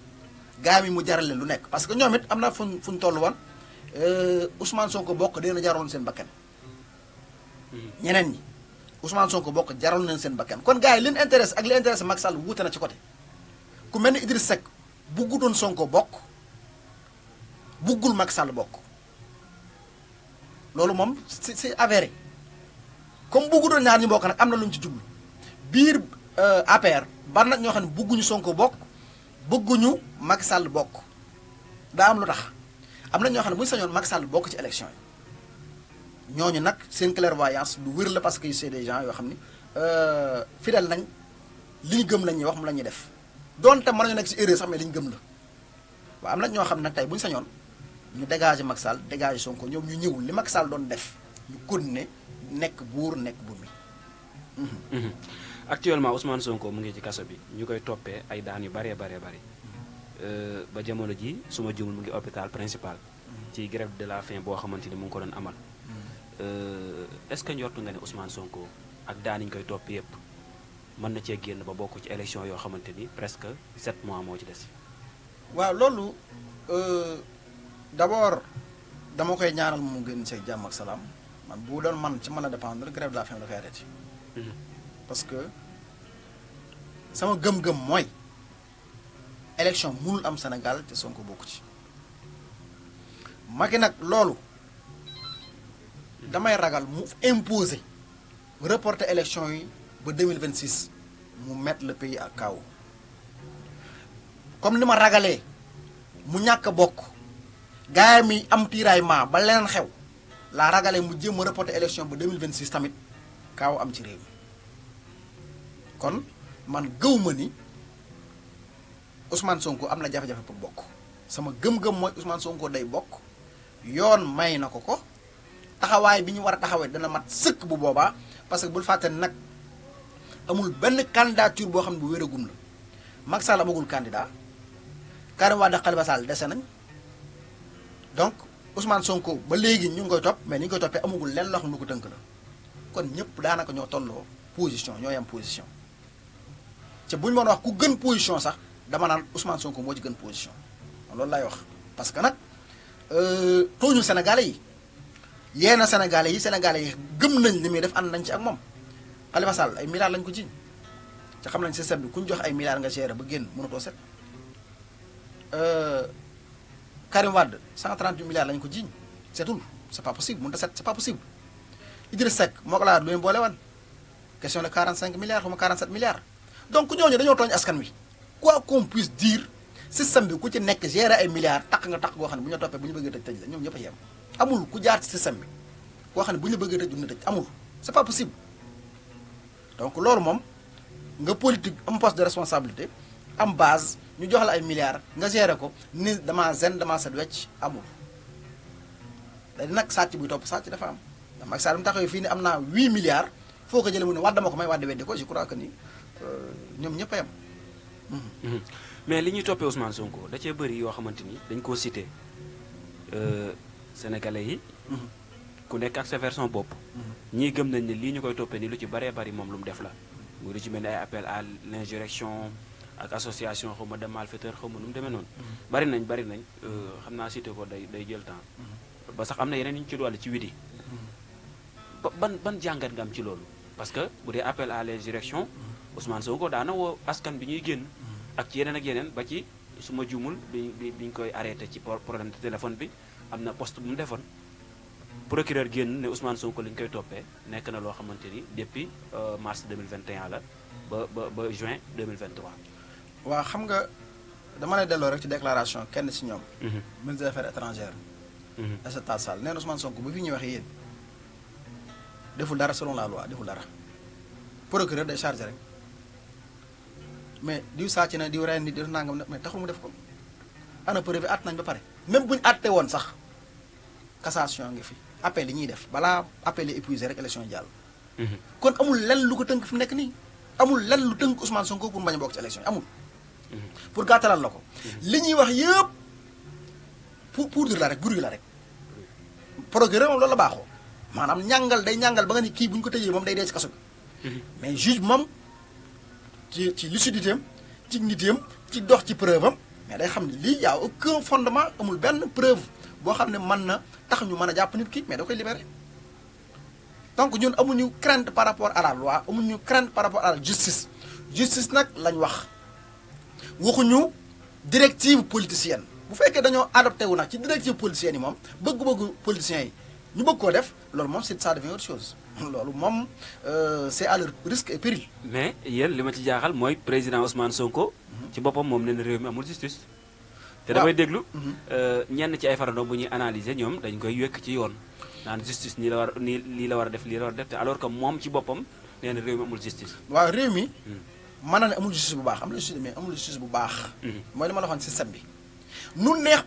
gaa mi mu jaral leen lu nekk parce que ñoom it am na fu fuñ toll woon euh, Ousmane Sonko bokk dee dina jaroon seen bakkan. Hmm. ñeneen ñi Ousmane Sonko bokk jaroon nañ seen bakkan kon gars yi leen ñu intéresse ak li intéresse Macky Sall wuute na ci côté ku mel ni Idriss Seck bu guddoon Sonko bokk. buggul mag sàll bokk loolu moom c'est avéré comme buggu doon ñaar ñu bokk nag am na lu ñu ci jublu biir euh, APR ban nag ñoo xam ne bugguñu Sonko bokk bëgguñu Macky Sall bokk daa am lu tax am na ñoo ne bu ñu sañoon Macky Sall bokk ci élection yi ñu nag seen clairvoyance lu wér la parce que c'est des gens yoo xam ne euh, fidèle nañ li ñu gëm la ñuy wax mu la ñuy def donte mën nañu nekk ci erreur sax mais li gëm la waaw am na ñoo xam ne nag tey bu ñu sañoon. ñu dégager Macky Sall dégager Sonko ñoom ñu ñëwul li Macky Sall doon def ñu continuer nekk buur nekk buur bi mhm. mhm. actuellement Ousmane Sonko mu ngi ci kasso bi ñu koy toppee ay daan yu bare bare bare euh, ba jamono ji suma jumul mu ngi hôpital principal mhm. ci grève de la faim boo xamante mu ngi ko doon amal euh, est ce que njortu nga ne Ousmane Sonko ak daan ñu koy topp yépp mën na cee génn ba bokk ci élection yoo xamante presque 7 mois moo ci des waaw loolu euh, d'abord dama koy ñaaral mu gën seeg jàmm ak salaam man bu doon man ci mën a dépendre grève de la faim dafay arrêté mhm. parce que sama gëm-gëm mooy élection mënul am Sénégal te ko bokk ci Macky nag loolu damay ragal mu imposer reporte élection yi ba 2026 mu mettre le pays ak chaos comme ni ma ragalee mu ñàkk bokk gaayam mi am tiraillement ba leen xew laa ragale mu jéem a reporter élection ba 2026 tamit kaaw am ci réew mi kon man gëwuma ni Ousmane Sonko am na jafe-jafe pour bokk sama gëm-gëm mooy Ousmane Sonko day bokk yoon may na ko ko taxawaay bi ñu war a taxawee dana mat sëkk bu boobaa parce que bul fàtte nag amul benn candidature boo xam ne bu wéeragum la Macky Sall amagul candidat Karim Wade Khalifa Sall dese nañ. donc Ousmane Sonko ba léegi ñu ngi koy topp mais ni ñu koy toppee amagul lenn loo xam lu ko tënk la kon ñëpp daanaka ñoo tolloo position ñoo yam position te bu ñu mën a wax ku gën position sax dama naan Ousmane Sonko moo ci gën position loolu laay wax. parce que nag euh, tooñul Sénégalais yi yéen a Sénégalais yi Sénégalais yi gëm nañ li muy def ànd nañ ci ak moom Khalifa Sall ay milliards lañ ko jiñ te xam nañ système bi ku ñu jox ay milliards nga gérer ba génn mënatoo set. Euh, Karim Wade 130 milliards lañ ko jiñ setul c'est pas possible mun set c'est pas possible Idriss Seck moko la doy mbolé wan question de 45 milliards ou 47 milliards donc ñoñu dañu togn askan wi quoi qu'on puisse dire système bi ku ci nek gérer ay milliards tak nga tak go xamni ne bu ñu toppee bu ñu bëggee tëj la ñom ñëpp a amul ku jaar ci système bi ko xamni ne bu ñu tejj tëj dund tëj amul c'est pas possible donc lool mom nga politique am poste de responsabilité am base ñu jox la ay milliards nga gérer ko ni damaa zen damaa set wecc amul. léegi nag sàcc buy topp sàcc dafa am ndax Macky Sall mu taxawee fii ni am naa 8 milliards foo ko jële mu ne waat dama ko may waat weddi ko je crois que ni euh, ñoom ñëpp a mhm. Mhm. mais li ñuy toppee Ousmane Sonko da cee bëri yoo xamante ni dañ koo cité euh, sénégalais yi. Mhm. ku nekk ak sa version bopp. ñii gëm nañ ni lii ñu koy toppee ni lu ci baree bari moom lu mu def la. muy lu ci mel ni ay appel à l'insurrection ak association xaw ma de malfaiteur xaw num demé non bari nañ bari nañ euh xamna cité ko day day jël temps. ba sax amna yeneen ñu ci dool ci widi ban ban jangat nga am ci lool parce que bu appel à les directions. Ousmane Sonko na wo askan bi ñuy genn ak ci yeneen ak yeneen ba ci suma jumul juumul bi bi ñu koy arrêté ci problème de téléphone bi amna poste bu mu defoon. procureur genn ne Ousmane Sonko li koy topé nek na lo xamanteni depuis euh, mars 2021 la ba ba juin 2023. waaw xam nga dama lay delloo rek ci déclaration kenn si ñoom. Mhm. ministre des affaires étrangères. Mhm. Aïssata Tall Sall nee na Ousmane Sonko bu fi ñuy wax yéen deful dara selon la loi deful dara procureur day chargé rek mais diw sàcc na diw rey nit def nangam ne mais taxul mu def ko ana preuve at nañ ba pare même bu ñu àttee woon sax cassation ngi fi appel yi ñuy def balaa appel yi épuisé rek élection yi jàll. Mhm. kon amul lenn lu ko tënk fu mu nekk nii amul lenn lu tënk Ousmane Sonko pour amul. pour gàttalal la ko li ñuy wax yëpp pour dire la rek bruit la rek programme moom loolu la baaxoo maanaam ñàngal day ñàngal ba nga ni kii bu ñu ko tëjee moom day dee ci kaso bi mais juge moom ci ci lucidité am ci nité am ci dox ci preuve am mais day xam ni lii yaa aucun fondement amul benn preuve boo xam ne mën na tax ñu mën a jàpp nit ki mais da koy libéré donc ñun amuñu crainte par rapport à la loi amuñu crainte par rapport à la justice justice nag lañ wax waxuñu directive politicienne bu fekkee dañoo adopté wu nag ci directive politicienne yi moom bëgg-bëggu politiciens yi ñu bëgg koo def loolu moom c'est ça devient autre chose loolu moom euh, c'est à leur risque et péril. mais yéen li ma ci jaaxal mooy président Ousmane Sonko. Mhm. ci boppam moom nee na réew mi amul justice. te damay déglu mhm. euh, ñenn ci ay farandoo bu ñuy analyser ñoom dañ koy wekk ci yoon naan justice nii la war nii lii la war a def lii la war a def te alors que moom ci boppam nee na réew mi amul justice. waaw réew mi. Hmm. Je ne amul justice bu baax justice mais amul justice bu baax. Mhm. système bi.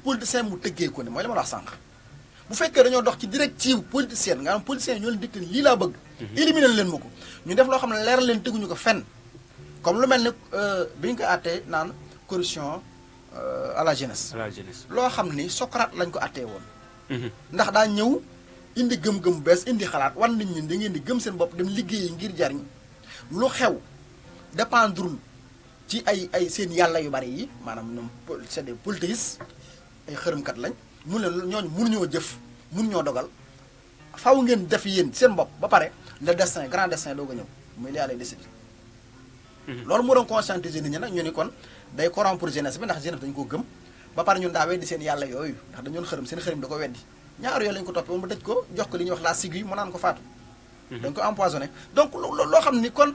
politicien mu tëggee ko ne mooy li wax sànq bu fekkee dañoo dox ci directive politicien nga am politicien ñoo leen dikk ne bëgg. Mhm. éliminer leen ma ñu def ne leen fenn comme lu mel ne euh, bi ko naan corruption euh, à la jeunesse. à la jeunesse loo xam Socrate lañ ko woon. Mhm. ndax daa ñëw indi gëm-gëm bees indi xalaat wan nit ñi da ngeen di gëm seen dem liggéeyi ngir jariñ lu xew dépendrul ci ay ay seen yalla yu bari yi manam ñom c'est des polythéistes ay kat lañ le ñoo ñooñu ñoo jëf ñoo dogal faaw ngeen def yeen seen ba paré le destin grand destin do nga ñew muy li décidé. Mhm. loolu mo doon conscientiser nit ñi nak ñu ni kon day corrompre jeunesse bi jeunesse dañ ko gëm ba paré ñun seen yalla ndax dañu seen da ko wéddi ñaar lañ ko ko jox ko li ñu wax la naan ko faatu. Mhm. dañ ko donc kon.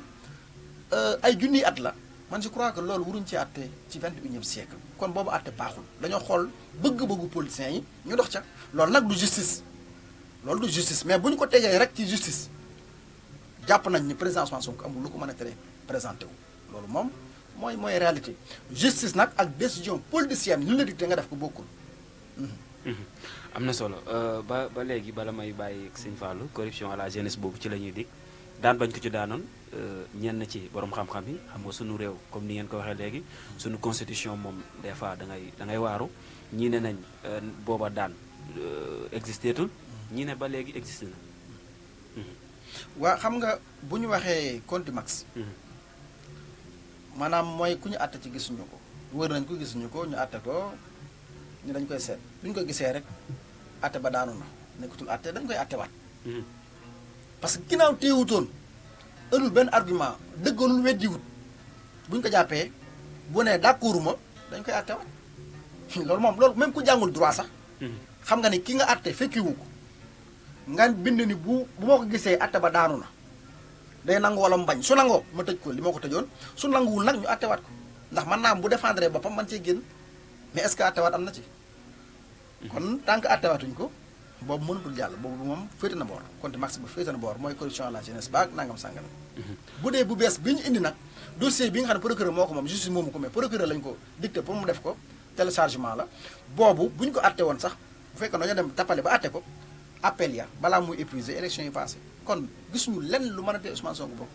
Euh, ay junniy at la man je crois que loolu waruñ ci àtte ci vingt et unième siècle kon boobu àtte baaxul dañoo xool bëgg-bëggu politiciens yi ñu dox ca loolu nag du justice loolu du justice mais bu ñu ko tegee rek ci justice jàpp nañ ni président Ousmane Sonko amul lu ko mën a tere présenté wu loolu moom mooy mooy réalité justice nag ak décision politicienne ñu la dicté nga def ko bokkul mhm. Mhm. am na solo euh, ba ba léegi bala may bàyyi Sëñ Fallou corruption à la jeunesse boobu ci la ñuy daan bañ ko ci daanoon ñenn ci borom xam-xam yi xam nga sunu réew comme ni ngeen ko waxee léegi sunu constitution moom des fois da ngay da ngay waaru ñii ne nañ euh, booba daan euh, existeetul ñii ne ba léegi existe na waa xam nga bu ñu waxee contimax maanaam mooy ku ñu àtte ci gisuñu ko wër nañ ko gisuñu ko ñu àtte ko ñu dañ koy seet bu ñu ko gisee rek àtte ba daanu na nekkatul àtte dañ koy àtte parce que ginnaaw téewutoon ëllul benn argument lu weddiwut bu ñu ko jàppee bu ne d'accord ma dañ koy àttewaat loolu moom loolu même ku jàngul droit sax. Hmm. xam nga ni ki nga àtte fekkiwu ko nga bind ni bu bu ma ko gisee àtte ba daanu na day nangu wala mu bañ su nangoo ma tëj ko li ma ko tëjoon su nanguwul nag ñu àttewaat ko ndax man naa am bu défendre boppam man cee génn mais est-ce que àttewaat am na ci. Hmm. kon tant que àttewaatuñ ko. bobu mënatul jàll boobu moom féete na boor compte max bu féete na boor mooy corruption la jeunesse baak nangam sàngam mhm. bu dee bu bees bi ñu indi nag dossier bi nga xam ne procureur moo ko moom justice moomu ko mais procureur lañ ko dicté pour mu def ko téléchargement la boobu buñ ko atté woon sax bu fekkee dañoo dem tappale ba atté ko appel ya balaa muy épuisé élection yi passé kon gisuñu lenn lu mën a tee Ousmane Sonko bokk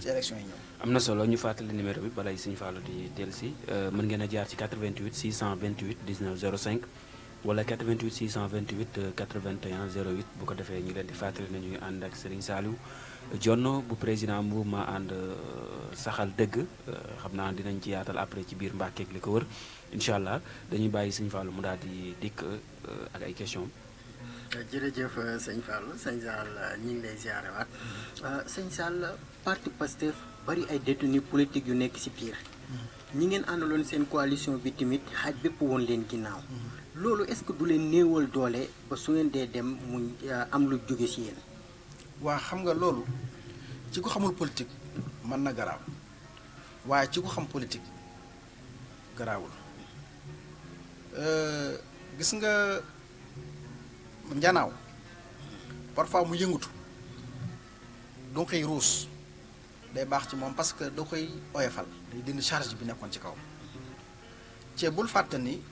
ci élection yi ñëw am na solo ñu fàttali numéro bi balay suñu fàllu di dellu si euh, mën ngeen a jaar ci 88 628 19 05 wala 88 628 81 08 bu ko defé ñu leen di fàttali ñuy ànd ak Serigne Saliou Jonn bu président mouvement and euh, saxal deug xamna dinañ ci yaatal après ci bir Mbàkke ak li wër inshallah dañuy bayyi seigne Fallou mu daal dik euh, ak ay question euh, jërëjëf sëñ Fallou sëñ Sall ñu ngi lay ziaré wat mm-hmm. seigne Sall parti pasteur bari ay détenus politiques yu nekk ci pire mm-hmm. ñi ngeen àndaloon seen coalition bi tamit xaaj bépp woon leen ginnaaw mm-hmm. loolu est-ce que du leen néewal doole ba su ngeen dee dem mu euh, am lu jóge ci yéen. waa xam nga loolu ci ko xamul politique mën na garaaw waaye ci ko xam politique garaawul euh, gis nga njanaaw parfois mu yëngatu du koy ruus day baax ci moom parce que da koy oyofal day dindi charge bi nekkoon ci kawam. cee bul fàtte ni.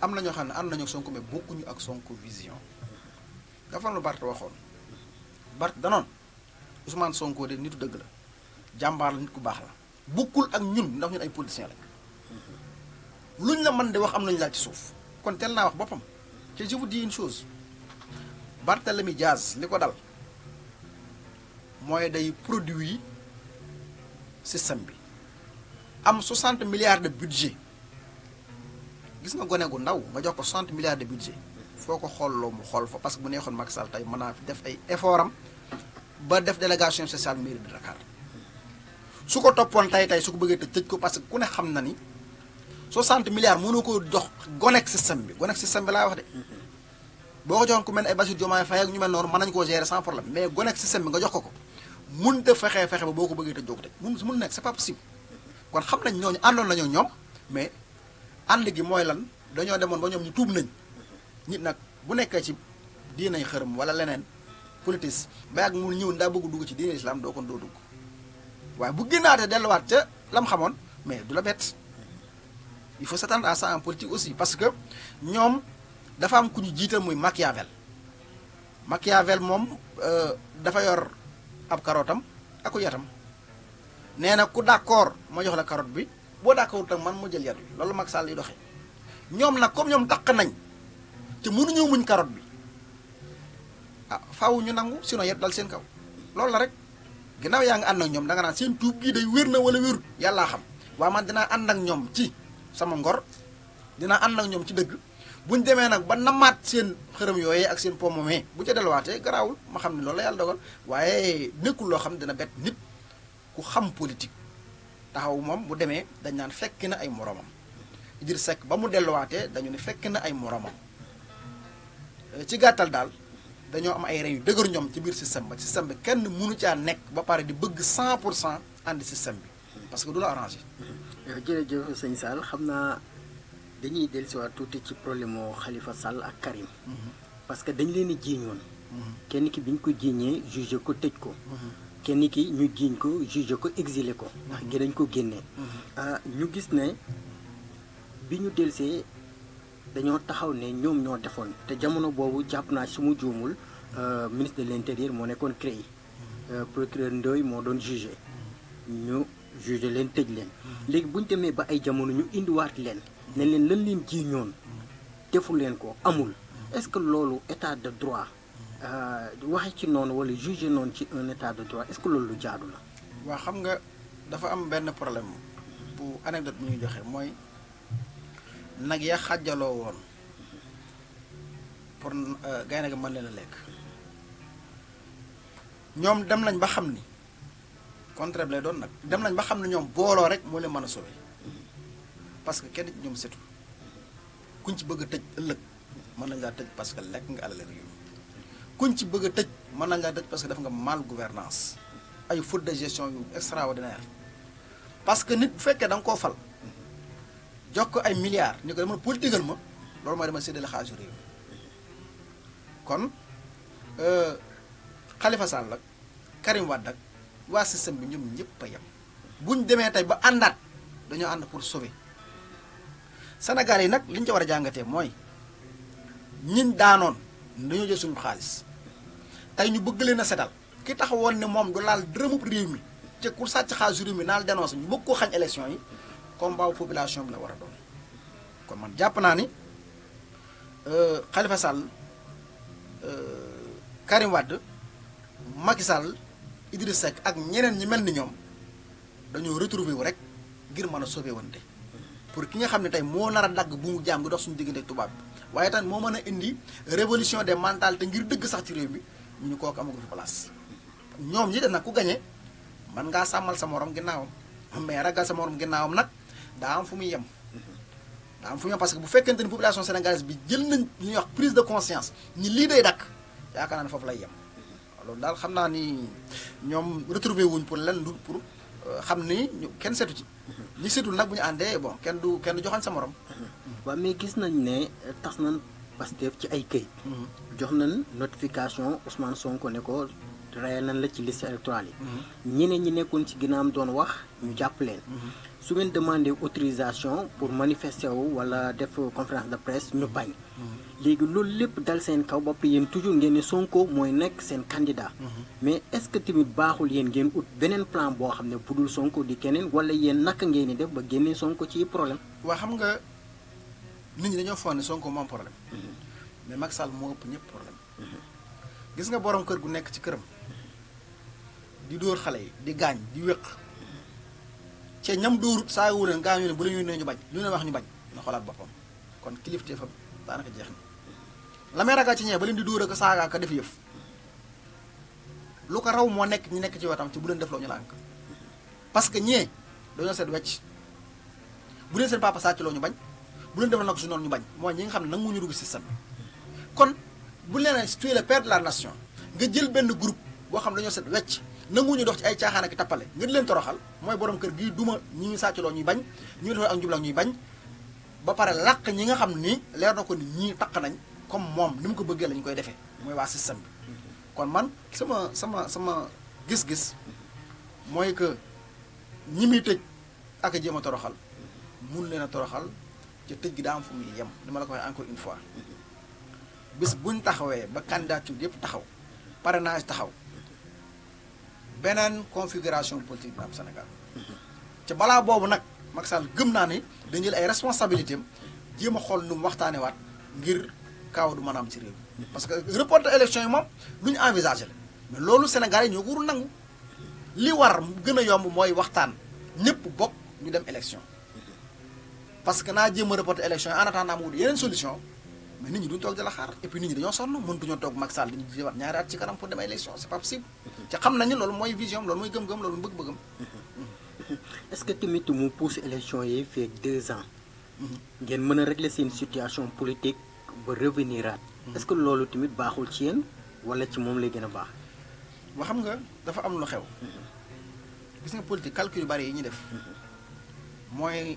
am y a ak mais bokkuñu ak Sonko vision dafa lu Bart Bart de nitu deug la jambar la nit ku bax la bokkul ak ñun ndax ñun ay politiciens la luñ la man de wax am ci je vous dis une chose Barthélémy Diaz dal moy day produit am 60 milliards de budget gis nga gone gu ndaw nga jox ko 60 milliards de foo ko xolloo mu xool fa parce que bu neexoon mag Sall tey manaa def ay effort ba def délégation sociale mairie de Dakar su ko toppoon tey tey su ko bëggee tëj ko parce que ku ne xam na ni 60 milliards mënoo ko jox gonek système bi gonek système bi laa wax de. boo ko joxoon ku mel ne ay Bassirou Diomaye Faye ak ñu mel noonu mën nañu koo gérer sans problème mais gonek système bi nga jox ko ko mun te fexe fexe ba boo ko bëggee tëj doo ko tëj mun mun nekk c'est pas kon xam nañ ñooñu àndoon nañoo ñoom mais. ànd gi mooy lan dañoo demoon ba ñoom ñu tuub nañ nit nag bu nekkee ci diinay xërëm wala leneen politis ba yàgg mu ñëw daa bëgg dugg ci diine islam doo kon doo dugg waaye bu génnaatee delluwaat ca lam xamoon mais du la bett il faut s'attendre à ça en politique aussi parce que ñoom dafa am ku ñu jiital muy Machiavel Machiavel moom euh, dafa yor ab karootam ak yatam nee na ku d'accord ma jox la carotte bi boo d'accord ak man mu jël yar lolu mak nyom Sall yi doxé ñom nak comme ñom tak nañ mënu ñu muñ carotte bi ah faaw ñu nangu sino yëpp dal seen kaw lolu la rek ginaaw ya nga and ak ñom da nga naan seen tuub gi day wërna wala wérut yalla xam wa man dina and ak ñom ci sama ngor dina and ak ñom ci dëgg buñ démé nak ba namaat seen xërem yoyé ak seen pomomee bu ca delluwaatee grawul ma xam ne la dogal wayé nekkul lo xam dina bet nit ku xam politique taxaw moom bu demee dañ naan fekk na ay moromam Idriss Seck ba mu delluwaatee dañu ne fekk na ay moromam euh, ci gàttal daal dañoo am ay rey yu dëgër ñoom ci biir système ba système bi kenn mënu caa nekk ba pare di bëgg cent pour cent ànd système bi parce que du la arrangé. Euh, jërëjëf sëñ Sall xam naa dañuy dellusiwaat tuuti ci problème mu Khalifa Sall ak Karim. Mhm. parce que dañ leen a jiiñoon. Mhm. kenn ki biñ ko jiiñee jugé ko tëj ko. Mhm. kenn ki ñu jiiñ ko jugé ko exilé ko ndax gi dañ ko génnee mhm. ah, ñu gis ne bi ñu delsee dañoo taxaw ne ñoom ñoo defoon te jamono boobu jàpp naa su mu juumul euh, ministre de l'intérieur moo nekkoon CREI mhm. euh, procureur Ndoye moo doon jugé ñu jugé leen tëj leen mhm. léegi bu ñu demee ba ay jamono ñu indiwaat leen ne leen lan leen jiiñoon deful leen ko amul est-ce que loolu état de droit Ah, waxe ci noonu wala juger noonu ci un état de droit est ce que loolu jaadu la wa xam nga dafa am benn problème bu anecdote bu ñuy joxe mooy nag ya xàjjaloo woon pour euh, gaynde ga mën leen a lekk ñoom dem nañ ba xam ni contraire lay doon dem ba rek moo leen mën a parce que kenn ñoom setu kuñ ci bëgg a tëj ëllëg mën parce que nga kuñ ci bëgg tej tëj nga nañ parce que def nga mal gouvernance ay faute de gestion yu extraordinaire parce que nit bu fekke dang ko fal jox ko ay milliards ni ko dama politigal ma lool moy dama sédel xaju rew kon euh, Khalifa Sall ak Karim Wade ak waa système bi ñoom ñepp a buñ démé tay ba andat dañu and pour sauver Sénégal yi nag liñ ci wara a moy ñin daanon dañu dañoo suñu tey ñu bëgg leen a setal ki woon ne moom du laal dërëmub réew mi te ku sàcc xaalis réew mi naal dénoncé ñu bëgg koo xañ élection yi combat population bi la war a doon kon man jàpp naa ni euh, Khalifa Sall euh, Karim Wade Macky Sall Idriss Seck ak ñeneen ñi mel ni ñoom dañoo retrouver wu rek ngir mën a sauver wante pour ki nga xam ne tey moo nar a dagg bu mu jaam gi dox suñu diggante tubaab bi waaye tamit moo mën a indi révolution des mentalités ngir dëgg sax ci réew mi ñu ko ak amugul place ñom ñi dana nag ku man nga samal sa morom ginnaaw mais ragal sa morom ginnaawam nak da am fu muy yem da am fu ñu parce que bu fekkante ni population sénégalaise bi jël nañ ñu wax prise de conscience ni li day dak yaakaar na fofu lay yem loolu dal xamna ni ñom retrouver wuñ pour lenn pour euh, xamni ni setu ci ni setul nak buñu andé bon ken du ken du joxan sa morom waaw mais gis nañ né tas nañ Pastef ci ay këyit mhm. jox nañ notification Ousmane Sonko ne ko rayal nañ la ci liste électorale yi mhm. ñeneen ñi nekkoon ci ginnaam doon wax ñu jàpp leen mhm. su ngeen demandé autorisation pour manifester wu wala def conférence de presse ñu bañ léegi loolu lépp dal seen kaw bopp yéen toujours ngeen ni Sonko mooy nekk seen candidat mais est-ce que tamit baaxul yéen ngeen ut beneen plan boo xam ne budul Sonko di keneen wala yéen naka ngeen di def ba génnee Sonko ci problème waa xam nga nit ñi dañoo foog ne Sonko moo problème mm-hmm. mais Macky Sall moo ëpp ñëpp problème mm-hmm. gis nga borom kër gu nekk ci këram di dóor xale yi di gaañ di wéq mm-hmm. ca ñam dóorut saa wu leen gaañu ne bu leen yónnee ñu bañ lu ne wax ñu bañ na xolaat boppam kon kilifte fa daanaka jeex na la may ragal ci ñee ba leen di dóor ak saaga ka def yëf lu ko raw moo nekk ñu nekk ci wetam ci bu leen def loo ñu lànk parce que ñee dañoo seet wecc bu leen seen papa sàcc loo ñu bañ bu leen defal nak su non ñu bañ mooy ñi nga xam nak ñu système kon bu leen ci tuer le père de la nation nga jël benn groupe bo xam dañu set wecc nangu ñu dox ci ay caaxaan ak tappale nga di leen toroxal moy borom kër gi duma ñi ñu lo ñuy bañ ñu defal ak jubla ñuy bañ ba paré lak ñi nga xam ni leer na ko ni ñi tak nañ comme mom nim ko bëggé lañ koy défé moy wa système bi kon man sama sama sama gis-gis moy que ñi muy tëj ak jëma toroxal mun leena toroxal ci tëj gi daa am fu muy yem dama la ko waxee encore une fois bis buñ taxawee ba candidature yëpp taxaw parrainage taxaw beneen configuration politique dina am Sénégal ci balaa boobu nag Macky Sall gëm naa ne dañu jël ay responsabilités am jéem a xool nu mu waxtaanee waat ngir kaaw du mën am ci réew parce que reporter élection yi moom lu ñu envisagé la mais loolu Sénégal yi ñoo ko nangu li war gën a yomb mooy waxtaan ñëpp bokk ñu dem élection. parce que na jéem reporter élection en attendant ya, mu yeneen solution mais nit ñi duñ toog di la xaar et puis nit ñi dañoo sonn mëntuñoo toog Macky Sall dañu jéewaat ñaari at ci kanam pour dem élection c'est pas possible mhm. ci xam nañu loolu mooy vision loolu mooy gëm-gëm loolu bëgg-bëggam mhm. est-ce que tamit mu pousse élection yi fii ak deux ans mhm. ngeen mën a régler seen situation politique ba revenir at est-ce que loolu tamit baaxul ci yéen wala ci moom lay gën a baax wa xam nga dafa am lu xew gis nga politique calcul yu bari yi ñu def mooy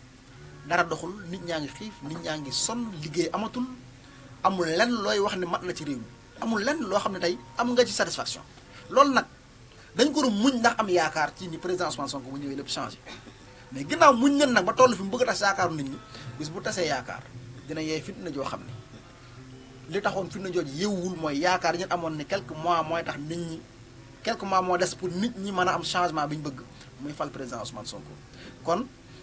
dara doxul nit ñangi xif nit ñangi son liggey amatul amul lenn loy wax ni mat na ci rew amul lenn lo xam tay am nga ci satisfaction lol nak dañ ko doon muñ ndax am yaakar ci ni président Ousmane Sonko bu ñëwee lepp changer mais ginnaw muñ nan nak ba tollu fi mu bëgg a yaakar nit ñi bis bu tassé yaakar dina yé fitna joo xam ne li taxoon fitna jo yewul moy yaakar ñun amone ne quelques mois moy tax nit ñi quelques mois mo dess pour nit ñi mëna am changement biñ bëgg muy fal président Ousmane Sonko kon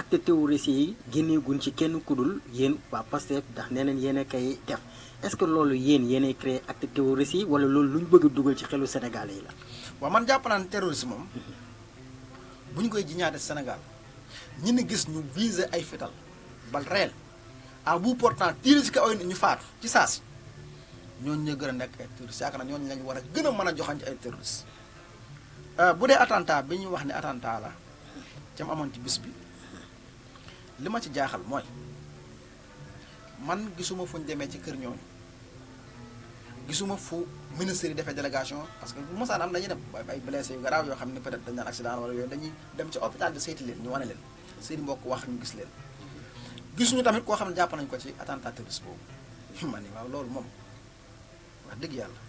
acte terroriste yi génneeguñ ci kenn kudul yéen waa Pastef ndax nee nañ yéen a koy def est que loolu yéen yéenay créé acte terroriste yi wala loolu lu ñu bëgg dugal ci xelu Sénégalais yi la. waa man jàpp naa ne terroriste moom bu ñu koy jiñaate Sénégal ñi ni gis ñu visé ay fetal bal réel à bout portant tiir si kaw ñu faatu ci saa ñooñu ñoo gën a nekk ay terroriste yaakaar naa ñooñu lañu war a gën a mën a joxañ ci ay terroriste euh, bu dee attentat bi ñu wax ne attentat la ca bi. li ma ci jaaxal mooy man gisuma fuñ demee ci kër ñooñu gisuma fu ministre yi defee délégation parce que bu mosaan am dañuy dem waaye ay blessé yu garaaw yoo xam ne peut-être dañ naan accident wala yooyu dañuy dem ci hôpital bi seeti leen ñu wane leen seen mbokk wax ñu gis leen gisuñu tamit koo xam ne jàpp nañ ko ci attentat terroriste boobu man ni waaw loolu moom wax dëgg yàlla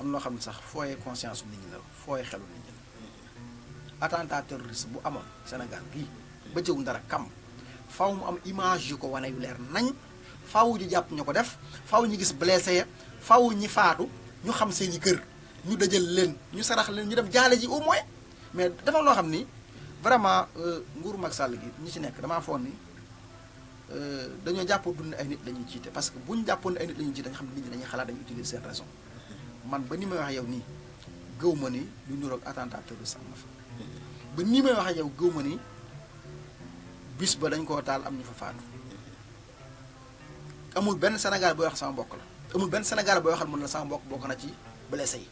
am noo xam ne sax fooyee conscience nit ñi la fooyee xelu nit ñi la attentat bu amoon Sénégal gii ba jëwul dara kam faw mu am image yu ko wane yu leer nañ faw ñu jàpp ñu ko def faw ñu gis blessé ya faw ñi faatu ñu xam seeni kër ñu dajal leen ñu sarax leen ñu dem jaale ji au moins mais dafa loo xam ni vraiment euh, nguuru Macky sàll gi ñu ci nekk damaa foog ni euh, dañoo jàppoon dund ay nit la jiite parce que bu ñu jàppoon ay nit la ñuy jiite nga xam ne nit ñi dañuy xalaat dañuy utiliser seen raison man ba ni may wax yow nii gëw ma ni lu niroog attentat terroriste am na ba ni may wax yow gëw ma ni. bis ba dañ koo taal am ñu fa faatu amul benn Sénégal boo wax sama mbokk la amul benn Sénégal boo waxal mën na sama mbokk bokk na ci blessé yi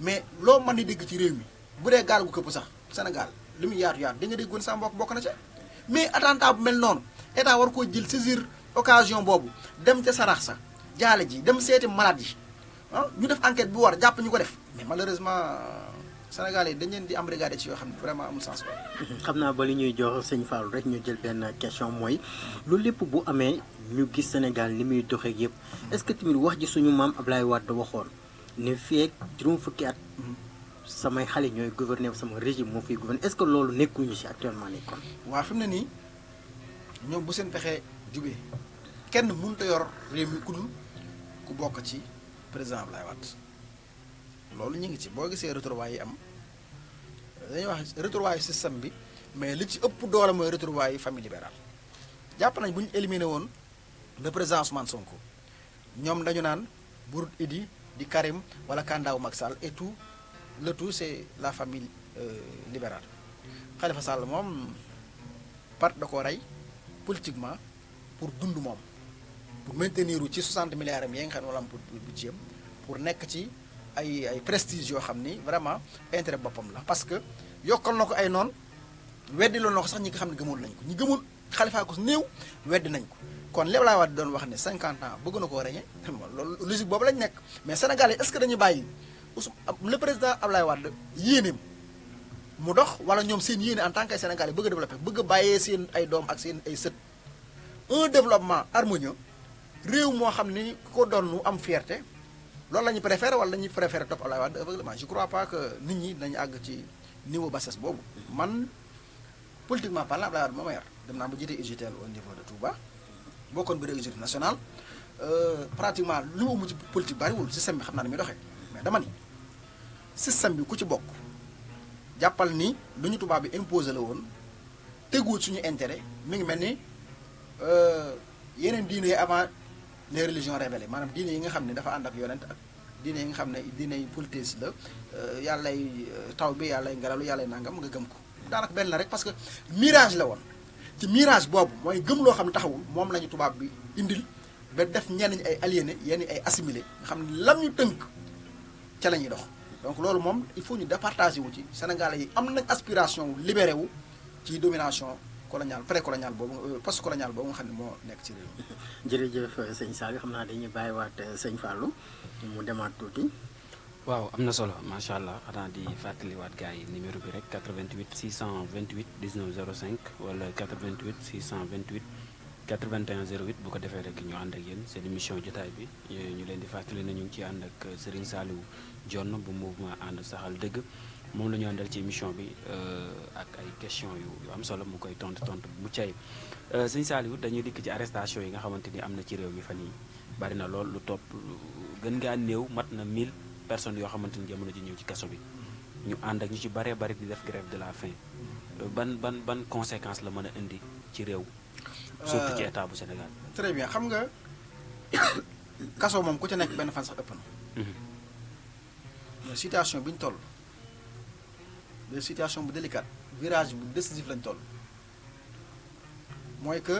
mais loo mën ni dégg ci réew mi bu dee gaal gu këpp sax Sénégal li muy yaatu yaatu di nga déggoon sama mbokk bokk na ca mais attentat bu mel noonu état war koo jël saisir occasion boobu dem ca sarax sa jaale ji dem seeti malade yi ah ñu def enquête bu war jàpp ñu ko def mais malheureusement. Sénégal yi dañ leen di embrigadé ci yoo xam ne vraiment amul sens xam naa ba li ñuy jox sëñ Fallou rek ñu jël benn question mooy loolu lépp bu amee ñu gis Sénégal ni muy doxee yëpp est-ce que tamit wax ji suñu maam Ablaye Wade waxoon ne feek juróom fukki at samay xale ñooy gouverner sama régime moo fiy gouverner est-ce que loolu nekkuñu ci actuellement nii kon. waaw fi mu ne nii ñoom bu seen pexe jubee kenn mënut a yor réew mi ku ku bokk ci président Ablaye Wade. loolu ñu ngi ci boo gisee retrouvailles yi am dañuy wax retour retrouvailles système bi mais li ci ëpp doole mooy retrouvailles yi famille libérale jàpp nañ bu ñu éliminé woon le président man Sonko ñoom dañu naan Bourd Idi di Karim wala Kandaaw Macky Sall et tout le tout c'est la famille euh, libérale Khalifa Sall moom part da ko rey politiquement pour dund moom pour maintenir ci 60 milliards am yi nga xam ne wala am pour budget pour nekk ci ay prestige vraiment intérêt boppam la parce que yokkal na ko ay noon weddiloo na ko sax ñi nga xam ne ko ans bëgg na logique boobu lañ mais Sénégal yi est-ce que dañu bàyyi le président Ablaye Wade mu dox wala ñoom seen yéene en tant que Sénégal bëgg a développer bëgg seen ay ak seen un développement harmonieux ni ko doon fierté loolu la ñu préféré wala dañuy préféré topp Abdoulaye Wade aveuglement je crois pas que nit ñi dañu àgg ci niveau bassesse boobu man politiquement parlant Abdoulaye Wade moo ma yar dem naa ba jiite UGTL au niveau de Touba bokkoon bureau exécutif national euh, pratiquement lu mu umu ci politique bariwul système bi xam naa ne muy doxee mais dama ni système bi ku ci bokk jàppal ni lu ñu tubaab bi imposé la woon teguwul suñu intérêt mi ngi mel ni euh, yeneen diine avant les religions révélées maanaam diine yi nga xam ne dafa ànd ak yonent ak diine yi nga xam ne diine yi politis la euh, yàllay euh, taw bi yàllay ngelaw yàllay nangam nga gëm ko daanaka benn la rek parce que mirage la woon ci mirage boobu mooy gëm loo xam ne taxawul moom la ñu tubaab bi indil ba def ñenn ñi ay aliéné yenn ay assimilé nga xam ne lam ñu tënk ca la ñuy dox donc loolu moom il faut ñu départager wu ci Sénégalais yi am nañ aspiration libéré wu ci domination colonial précolonial boobu euh, post colonial boobu nga xam ne moo nekk ci réew mi. jërëjëf euh, sëñ Saliou xam naa dañuy waat euh, sëñ Fallou mu demaat tuuti. waaw am na solo macha allah xanaa di fàttaliwaat gars yi numéro bi rek 88 628 19 05 wala 88 628 81 08 bu ko defee rek ñu ànd ak yéen seen mission jotaay bi ñu leen di fàttali na ñu ngi ciy ànd ak Serigne Saliou Dione bu mouvement ànd saxal dëgg. mom lañu andal ci émission bi euh, ak ay question yu am solo mu koy tontu tontu bu cey euh sëñ saliw dañuy dik ci arrestation yi nga xamanteni amna ci réew mi fani bari na lool lu top gën nga new mat na 1000 personnes yo xamanteni ni ci ñew ci kasso bi ñu and ak ñu ci bari di def grève de la faim euh, ban ban ban conséquence la mëna indi ci réew euh, surtout ci état bu Sénégal très bien xam nga kasso mom ku ci nek ben fan sax ëpp na mhm. situation biñ tollu de situation bu délicate virage bu décisif lañ toll mooy que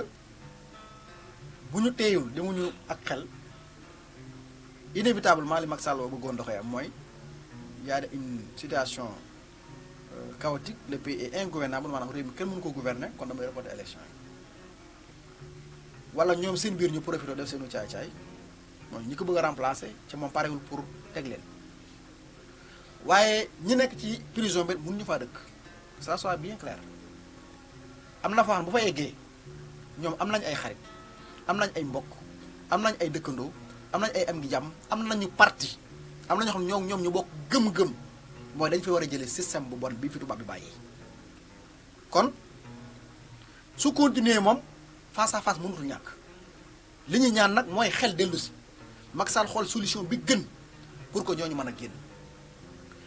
bu ñu téyewul demuñu ak xel inévitablement li Macky Sall bëggoon doxee am mooy y a une situation euh, chaotique le pays est ingouvernable maanaam réew mi kenn mënu ko gouverner kon damay reporter élection yi wala ñoom seen biir ñu profité def seenu caay-caay mooy ñi ko bëgg a remplacer ca moom parewul pour teg leen waaye ñu nekk ci prison bi ñu faa dëkk que ça soit bien clair am na foo xam bu fa eggee ñoom am nañ ay xarit am nañ ay mbokk am nañ ay dëkkandoo am nañ ay am ngi jàmm am nañu parti am na xam ne ñoom ñu bokk gëm-gëm mooy dañ fi war a jëlee système bu bon bi fi tubaab bi bàyyi kon su continuer moom face à face ñàkk li ñu ñaan nag mooy xel dellusi si Macky xool solution bi gën pour que ñu mën a génn.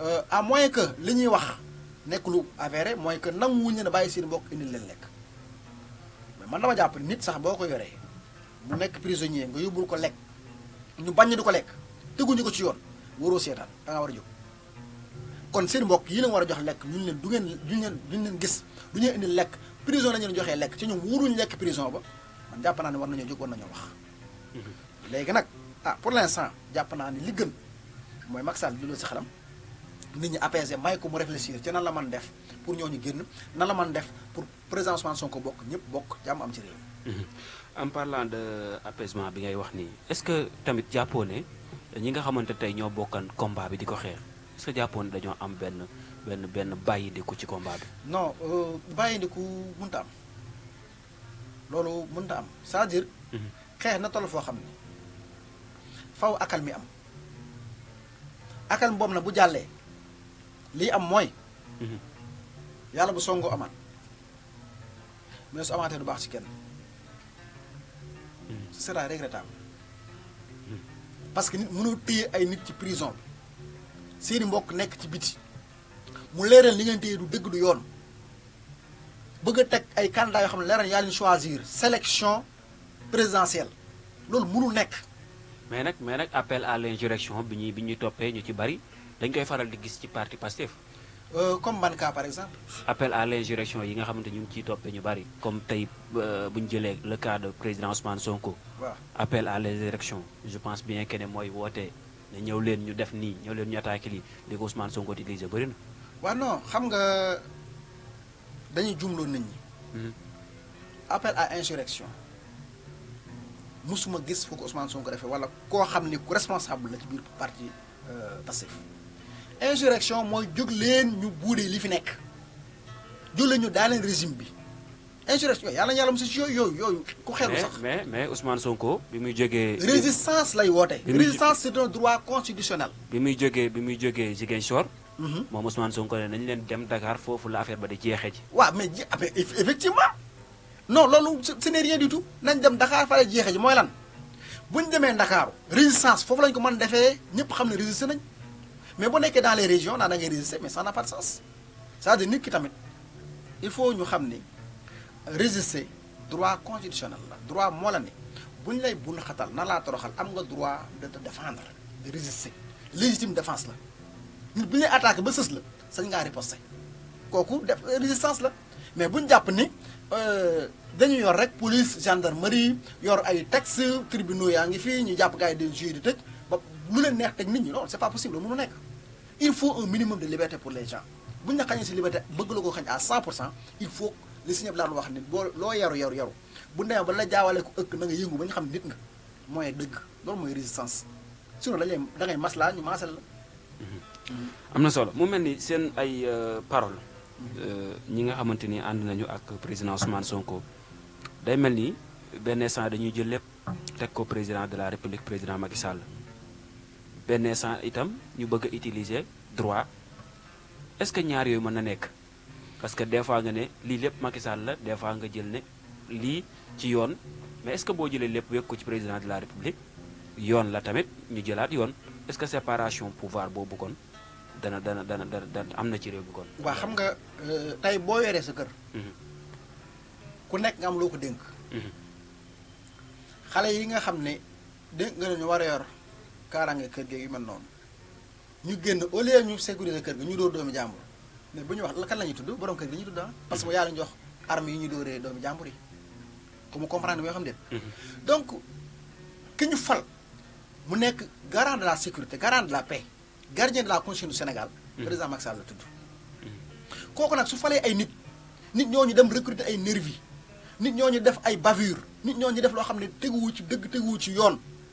Euh, à moins que li ñuy wax nekk lu avéré mooy que nanguwuñu ne bàyyi seen mbokk indi leen lekk mais man dama jàpp nit sax boo ko yoree mu nekk prisonnier nga yóbbul ko lekk ñu bañ di ko lekk teguñu ko ci yoon waroo seetaan da nga war a jóg kon seen mbokk yi la war a jox lekk ñun leen du ngeen duñ leen duñ leen gis du ñu indil lekk prison la ñu leen joxee lekk ci ñoom wuruñ lekk prison ba man jàpp naa ne war nañoo jóg war nañoo wax mhm. léegi nag ah pour l'instant jàpp naa ne li gën mooy Macky Sall di loolu si nit ñi apaisé may ko mu réfléchir ci nan la man def pour ñoo ñu génn na la man def pour président Ousmane Sonko bokk ñëpp bokk jàmm am ci réew mhm. en parlant de apaisement bi ngay wax nii est-ce que tamit jàppoo ne ñi nga xamante tey ñoo bokkan combat bi di ko xeex est-ce que jàppoo dañoo am benn benn benn bàyyidiku ci komba bi non euh, bàyyidiku mënta am loolu mënta am c'est-à-dire mhm. xeex na toll foo xam ne faw akal mi am akal boobu na bu jàllee li am mooy. Mhm. yalla bu songo amaat mais su amaatee du bax ci kenn. Mhm. ce sera regrettable. Mhm. parce que nit mënoo téye ay nit ci prison bi seeni mbokk nekk ci biti mu leeral li ngeen téye du deug du yoon bëgg a ay candidats yo xam ne yalla yaa choisir sélection présidentielle lool mënul nek mais nak mais nak appel à l'insurrection bi ñuy bi ñuy toppee ñu ci bari dañ koy faral di gis ci parti Pastef. Euh, comme ban cas par exemple. appel à l'insurrection yi nga xamante ñu ngi ciy toppee ñu bari. comme tey euh, buñ ñu jëlee le cas de président Ousmane Sonko. appel à l'insurrection je pense bien que ne mooy woote ne ñëw leen ñu def nii ñëw leen ñu attaqué lii li ko Ousmane Sonko utilisé bëri na. waaw non xam nga dañuy jumloo nit ñi. Mhm. appel à insurrection musuma gis fu ko Ousmane Sonko defee wala koo xam ni ku responsable la ci biir parti euh, Pastef insurrection moy jóg leen ñu boudé li fi nekk jóg leen ñu daaneel régime bi insurrection yalla yàlla na yoy yoy ku xéru sax. mais mais Ousmane Sonko bi muy jógee. résistance lay woté résistance c'est un droit constitutionnel. bi muy jógee bi muy jógee Ziguinchor. mom mhm. Ousmane Sonko né nañ leen dem Dakar fofu l'affaire ba di jéxé ji. wa mais effectivement non loolu ce n'est rien du tout nañ dem Dakar fa la jéxé ji moy lan bu démé Dakar résistance fofu lañ ko mën défé ñëpp xamné résister nañ mais boo nekkee dans les régions naan da ngay mais ça n'a pas de sens c'est-à-dire nit tamit il faut ñu xam ni résister droit constitutionnel la droit moo la ne bu ñu lay bul xatal na laa toroxal am nga droit de te défendre de résister légitime défense la nit bu ñu lay attaqué ba sës la sañ ngaa riposter kooku def euh, résistance là mais bu ñu jàpp ni euh, dañu yor rek police gendarmerie yor ay textes tribunaux yaa ngi fii ñu jàpp gars yi di juillet di tëj ba lu nit ñi non c'est pas possible mënu nekk. il faut un minimum de liberté pour les gens buñ la xañé ci liberté bëgg la ko xañ à 100% il faut li seigneur laal wax ni lo yaru yaru yaru bu ndé ba la jaawale ko ëkk na nga yëngu bañ xam nit nga moy dëgg lool moy résistance sinon da lay da ngay masla ñu masal mm-hmm. amna solo mu melni seen ay euh, parole euh, ñi nga xamanteni and nañu ak président Ousmane Sonko day melni ben instant dañuy jël lepp tek ko président de la République président Macky Sall ben instant itam ñu bëgg utiliser droit est-ce que ñaar yoy mëna nek parce que des fois nga ne li lepp Macky Sall la des fois nga jël né ci mais est-ce que bo jëlé lepp ci président de la république la tamit ñu est-ce que séparation pouvoir bobu kon dana dana dana dana amna ci réew kon. wa xam nga euh, tay bo sa kër. Mhm. ku nga am kaaraange kër gi yu mel noonu ñu génn au lieu ñu la kër gi ñu dóor doomi jàmbur mais bu ñu wax kan la ñuy tudd borom kër gi la ñuy tudd ah. parce que bu yàlla ñu jox arme yi ñuy dóoree doomi jàmbur yi ku comprendre yoo xam ne mm-hmm. donc ki ñu fal mu nekk garant la sécurité garant de la paix gardien de la constitution du Sénégal mm-hmm. président ak Sall la tudd mm-hmm. kooku nag su falee ay nit nit ñoo ñu dem recruter ay nervi nit ñoo ñu def ay bavure nit ñoo ñu def loo xam ne teguwu ci dëgg teguwu ci yoon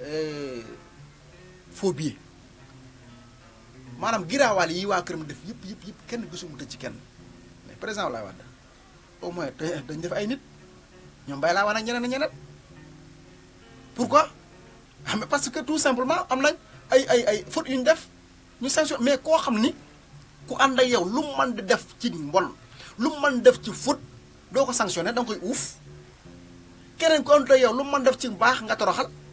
Euh, faux billets maanaam giraawaal yi waa këram def yëpp yëpp yëpp kenn gisuma tëj ci kenn mais président Abdoulaye Wade au te dañ def ay nit ñoom bay laa wan ak ñeneen ak ñeneen pourquoi ah mais parce que tout simplement am nañ ay ay ay faute yu ñu def ñu sanction mais koo xam ni ku ànd ak yow lu mu mën def ci mbon lu mu mën def ci faute doo ko sanctionné da koy uuf keneen ku ànd ak yow lu mu mën def ci baax nga toroxal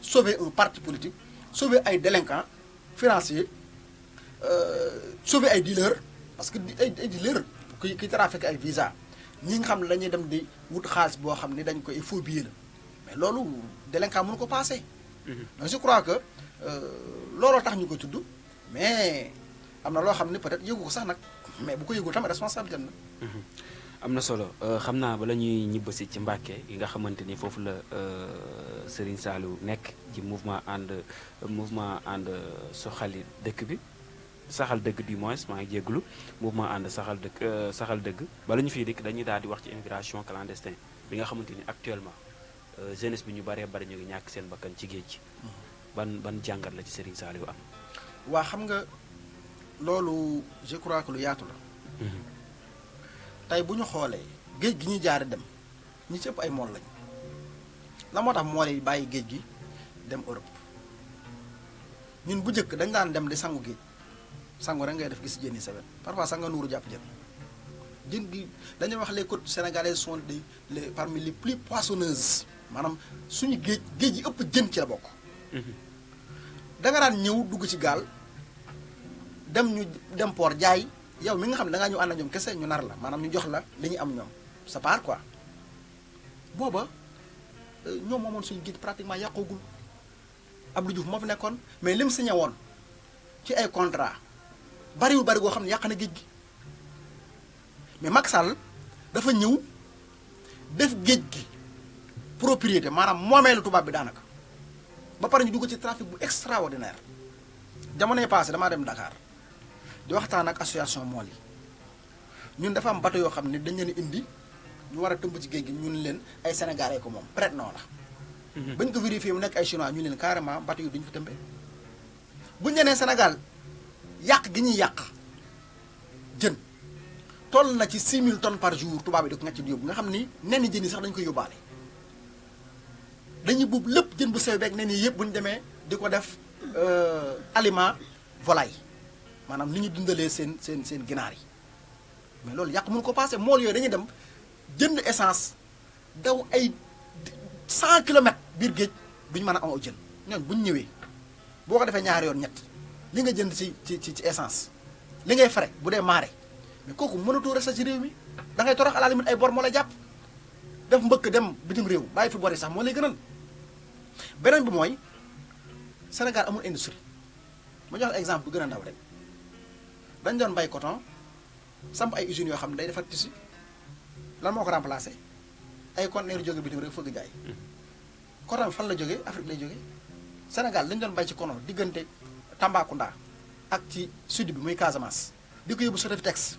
sauver un parti politique sauver un délinquants financiers euh, sauver un dealer, parce que un dealers qui avec un visa ñi nga xam ne dem di wut dañ mais pas mhm. je crois que ce euh, tax ñu ko tudd mais peut-être yëgu ko mais bu ko ont des responsabilité am na solo euh, xam naa bala ñuy ñibbasi ci Mbàkke yi nga xamante ni foofu la euh, Serigne Saliou nekk ci mouvement ànd mouvement ànd soxali dëkk bi saxal dëkk du moins maa ngi jégalu mouvement ànd saxal dëkk euh, saxal dëgg bala ñu fiy dikk dañuy daal di wax ci immigration clandestine bi nga xamante ni actuellement jeunesse bi ñu baree bari ñu ngi ñàkk seen bakkan ci géej gi. Mm-hmm. ban ban jàngat la ci Serigne Saliou am. waa xam nga loolu je crois que lu yaatu la. Mm-hmm. tay buñu xolé geej gi ñu jaar dem ñi ci ëpp ay mool lañ la motax tax mool yi bàyyi géej gi dem Europe ñun bu jëk dañ daan dem di sangu geej sangu ra ngay def gis jëni yi parfois sanga nuru japp jën jën gi dañuy wax les côtes sénégalaises sont des les parmi les plus poissonneuses manam suñu geej geej yi ëpp jën ci la bok mhm. da nga daan ñëw dugg ci gal dem ñu dem port jaay yow mi nga xam da nga ñu and ñom ñoom kese ñu nar la manam ñu jox la li ñu am ñom sa part quoi boba euh, ñom momon suñu guide pratiquement yàqoogul Abdou Diouf mo fi nekkon mais lim signé won ci ay contrat bari goo xam ne na géej gi mais Macky dafa ñew def géej gi propriété maanaam moomeelu tubaab bi danaka ba pare ñu dugg ci trafic bu extraordinaire jamonoy passé dama dem Dakar di waxtaan ak association mool yi ñun dafa am bato yoo xam ne dañ leen indi ñu war a tëmb ci géej gi ñun leen ay sénégalais ko moom prête non la mhm. bañ ko vérifier mu nekk ay chinois ñu leen carrément bato yu duñ ko tëmbee buñ ñenee sénégal yàq gi ñuy yàq jën toll na ci 6000 tonnes par jour tubaab yi da ko ngacc di yóbbu nga xam ni nen jën yi sax dañ ko yóbbaale dañuy buub lépp jën bu sew beeg nenn yi yëpp buñ demee di ko def euh, aliment volaille maanaam li ñu dundalee seen seen seen ginaar yi loolu yàq mun ko passé mool yooyu dañuy dem jënd essance daw ay 100 kilomètres biir géej duñu mën a am aw jën ñoon buñ ñëwee boo defee ñaari yoon ñett li nga jënd ci ci ci essence li ngay frais bu dee maare mais kooku mënatoo resta ci réew mi da ngay torox à ay bor moo la jàpp def mbëkk dem bitim réew bàyyi fi bor sax moo lay gënal beneen bi mooy Sénégal amul industrie ma jox exemple bu gën a ndaw rek dañ doon bay coton samp ay usines yoo xam ne day defar tissu lan moo ko remplacé ay conteneur jóge bitim réew fëgg jaay coton fan la jóge Afrique lay jóge Sénégal dañu doon bay ci kono diggante Tambacounda ak ci sud bi muy Casamance di ko yóbbu Sodefitex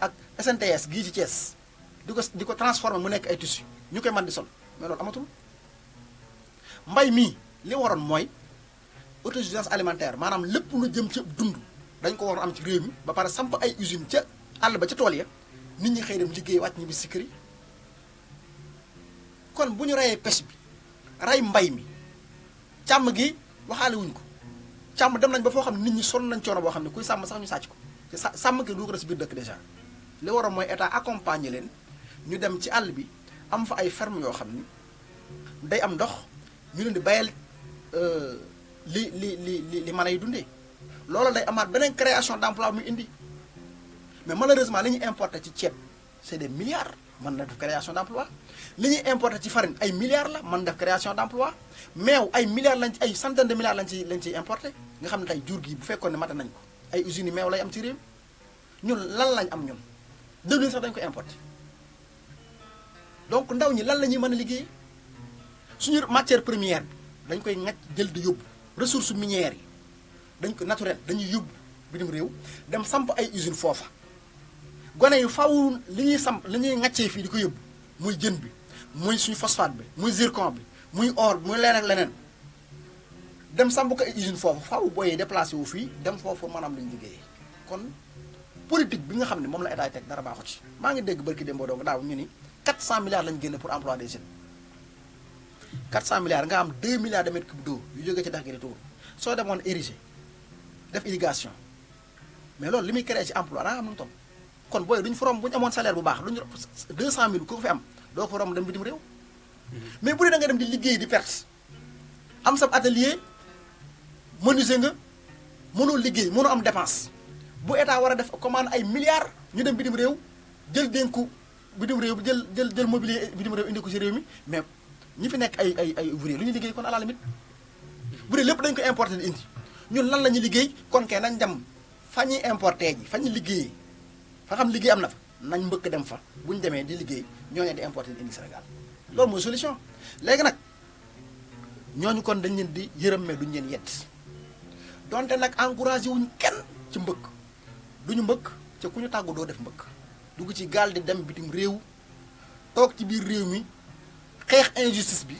ak SNTS gi ci Thiès di ko di ko transformé mu nekk ay tissu ñu koy mën di sol mais loolu amatul mbay mii li waroon mooy autosuffisance alimentaire maanaam lépp lu jëm ci dund dañ ko war am ci réew mi ba para samp ay usine ca àll ba ca tool ya nit ñi xëy dem liggéey wàcc ñi bi si kon bu ñu rayee pêche bi ray mbay mi càmm gi waxaale wuñ ko càmm dem nañ ba foo xam nit ñi sonn nañ coono boo xam ne kuy sàmm sax ñu sàcc ko te sàmm gi du ko def si biir dëkk dèjà li waroon mooy état accompagner leen ñu dem ci àll bi am fa ay ferme yoo xam ni day am ndox ñu leen di bayal euh, li li li li li mën ay dundee loola day amaat beneen création d'emploi mu indi mais malheureusement li ñuy importer ci ceeb c'est des milliards mën na def création d'emploi li ñuy importer ci farine ay milliards la mën def création d'emploi meew ay milliards lañ ay centaine de milliards lañ ci lañ ciy importer nga xam ne ay jur gi bu fekkoon ne mate nañ ko ay usines yi meew lay am ci réew ñun lan lañ am ñun dëgg sax dañ ko importe donc ndaw ñi lan la ñuy mën a liggéey suñu matière première bi dañ koy ŋaj jël di yóbbu ressources minières yi dañ ko naturel dañuy yóbbu bitim réew dem samp ay usine foofa gone yu faw li ñuy samp li ñuy ŋàccee fii di ko yóbbu muy jën bi muy suñu phosphate bi muy zircon bi muy or bi muy leneen ak leneen dem samp ko ay usine foofa faw booyee déplacé wu fii dem foofu maanaam luñ liggéeyee kon politique bi nga xam ne moom la état teg dara baaxu ci maa ngi dégg barki démboo dong daaw ñu ni 400 milliards lañ génne pour emploi des jeunes 400 milliards nga am 2 milliards de mètres cubes d'eau yu ci dex gi di soo demoon érigé def irrigation mais lool limi créé ci emploi da nga am lu kon boy duñ fa buñ amone salaire bu baax duñu 200000 ko fi am do ko rom dem bitim rew mhm. mais bu da nga dem di liggéey di perte am sa atelier menuiser nga mënoo liggéey mënoo am dépense bu état wara def commande ay milliards ñu dem bitim rew jël denku bitim réew bi jël jël jël mobilier bitim rew indi ko ci rew mi mais ñi fi nekk ay ay ay ouvrier lu ñu liggéey kon à la limite bu dee lépp dañ ko importer indi. ñun lan la ñu liggéey kon kay nañ dem fa ñuy importé ji fa ñu liggéey fa xam liggéey am na fa nañ mbëkk dem fa bu ñu demee di liggéey ñoo leen di importé di indi Sénégal loolu mooy solution léegi nag ñooñu kon dañ leen di yërëm mais duñ leen yett donte nag encouragé wuñ kenn ci mbëkk duñu mbëkk ca ku ñu tàggu doo def mbëkk dugg ci gaal di dem bitim réew toog ci biir réew mi xeex injustice bi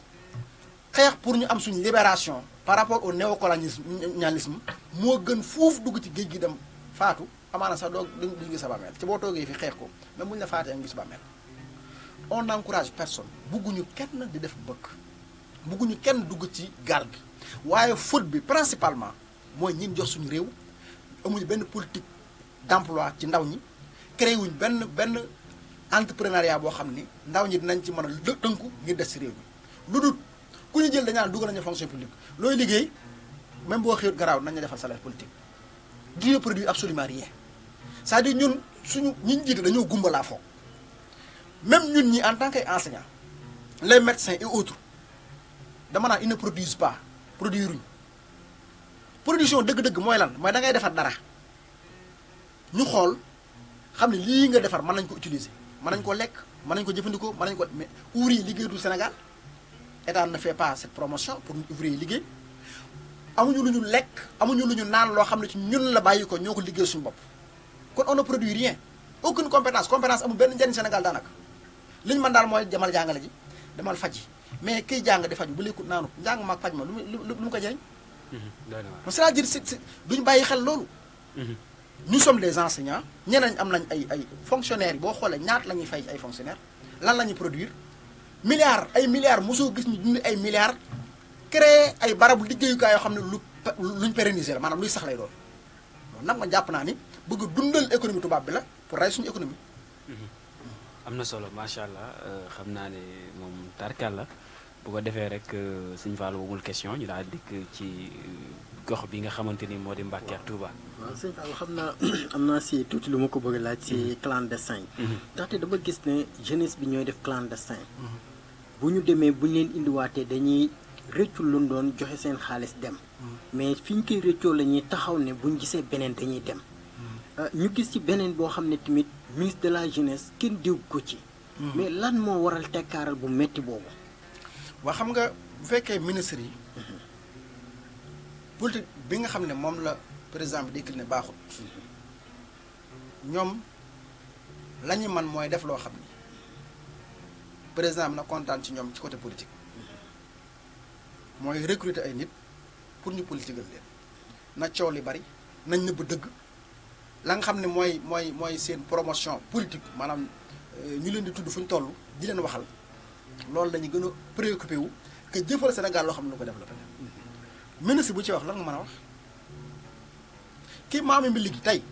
xeex pour ñu am suñu libération par rapport au néocolonialisme moo gën foofu dugg ci géej gi dem faatu amaana sax doo duñ gis sa bàmmeel ci boo toogee fi xeex ko même bu ñu la faatee am gis bàmmeel on n'encourage personne bugguñu kenn di def bëkk bugguñu kenn dugg ci gaal gi waaye foot bi principalement mooy ñin jox suñu réew amuñu benn politique d'emploi ci ndaw ñi créé wuñ benn benn entrepreneuriat boo xam ni ndaw ñi dinañ ci mën a dënku ngir des ci réew mi lu dul kuñu jël dañaan dugal nañu fonction publique loy liggéey même bo xëyut garaaw nañu la salaire politique di ne produit absolument rien Ça dit dire ñun suñu ñi jitt dañu gumba la fo même ñun ñi en tant que enseignant les médecins et autres dama na ils ne produisent pas produire production deug deug moy lan mais da ngay défar dara ñu xol xamni li nga défar man nañ ko utiliser man nañ ko lekk man nañ ko jëfëndiko mën nañ ko mais ouvrier liggéey du Sénégal elle ne fait pas cette promotion pour ouvrir liggéey amuñu lu ñu lekk amuñu lu ñu naan loo ci ñun la bàyyi ko ñoo ko liggéey suñu kon on ne produit rien aucune compétence compétence amul benn njëriñ Sénégal danak. li ñu mën daal mooy demal jàngale ji demal faj mais kiy jàng di faju bu lekkut naanu njàng maag faj ma lu mu ko jëriñ mhm. c'est-à-dire c'est duñu bàyyi xel loolu mhm. nous sommes les enseignants ñeneen am nañ ay ay fonctionnaires yi boo xoolee ñaat la ñuy fay ay fonctionnaires lan la produire milliards ay milliards mosoo gis ñu dund ay milliards créer ay barabu liggéeyukaay yoo xam ne lu luñ pérenniser la maanaam luy sax lay doon loolu nag ma jàpp naa ni bëgg dundal économie tubaab bi la pour rey suñu économie. Mm-hmm. am na solo macha allah euh, xam naa ne moom tarkal la bu ko defee rek euh, suñu Fall wumul question ñu daal dikk ci euh, gox bi nga xamante ni moo di Mbàkke Touba. waaw sëñ Fall xam naa am naa si tuuti lu ma ko bëgg laaj si mm-hmm. clandestin yi. Mm-hmm. ndaxte dama gis ne jeunesse bi ñooy def clandestin. bu ñu demee bu ñu leen indiwaatee dañuy rëccu lu doon joxe seen xaalis dem mais fiñ ñu koy rëccoo la taxaw ne buñ gisee beneen dañuy dem euh, ñu gis ci beneen boo xam ne tamit ministre de la jeunesse kenn dégg ko ci hmm. mais lan moo waral tekkaaral bu metti boobu waa xam nga bu fekkee ministre yi politique bi nga xam ne moom la président bi décliné baaxut hmm. ñoom la ñu man mooy def loo xam ne président bi na kontaan ci ñoom ci côté politique mooy recruter ay nit pour ñu politique na coow li bari nañ nëbb dëgg la nga xam ne mooy mooy mooy seen promotion politique maanaam euh, ñu leen di tudd fu ñu toll di leen waxal loolu lañu gën a préoccupé wu que jëfal Sénégal loo xam ne lu ko développé ministre bu ci wax lan nga mën a wax kii maami mbi ligi tey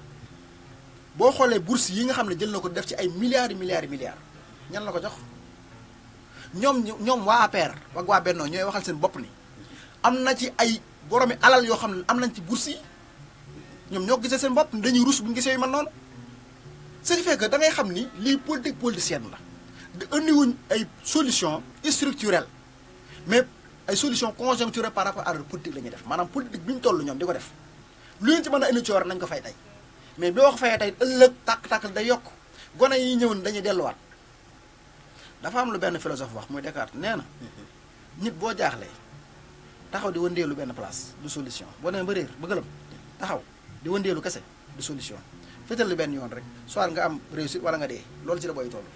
boo xoolee bourse yi nga xam ne jël na ko def ci ay milliards milliards milliards ñan la ko jox ñom wa aper wa gwa ber no ñoy waxal seen bop ni am na ci ay boromi alal yo xamne amna am ci bursi ñom ñoom ñoo gisee seen bop dañu rus bu ñu gisee yu mel noonu ce qui fait que da ngay xam ni li politique politicienne la andi wuñ ay solution structurelle mais ay solution conjoncturelle par rapport à la politique lañu def manam politique bi tollu ñom diko def lu ñu ci mëna a indi coor nañ ko fay tay mais bi wax fay tay ëllëg tak tak da yok gona yi ñëwoon dañuy delluwaat dafa am lu benn philosophe wax muy Descartes nee na nit boo jaaxlee taxaw di wëndeelu benn place du solution boo nee ba réer ba gëlëm taxaw di wëndeelu kese du solution fétal lu benn yoon rek soit nga am réussite wala nga dee loolu ci la booy toll.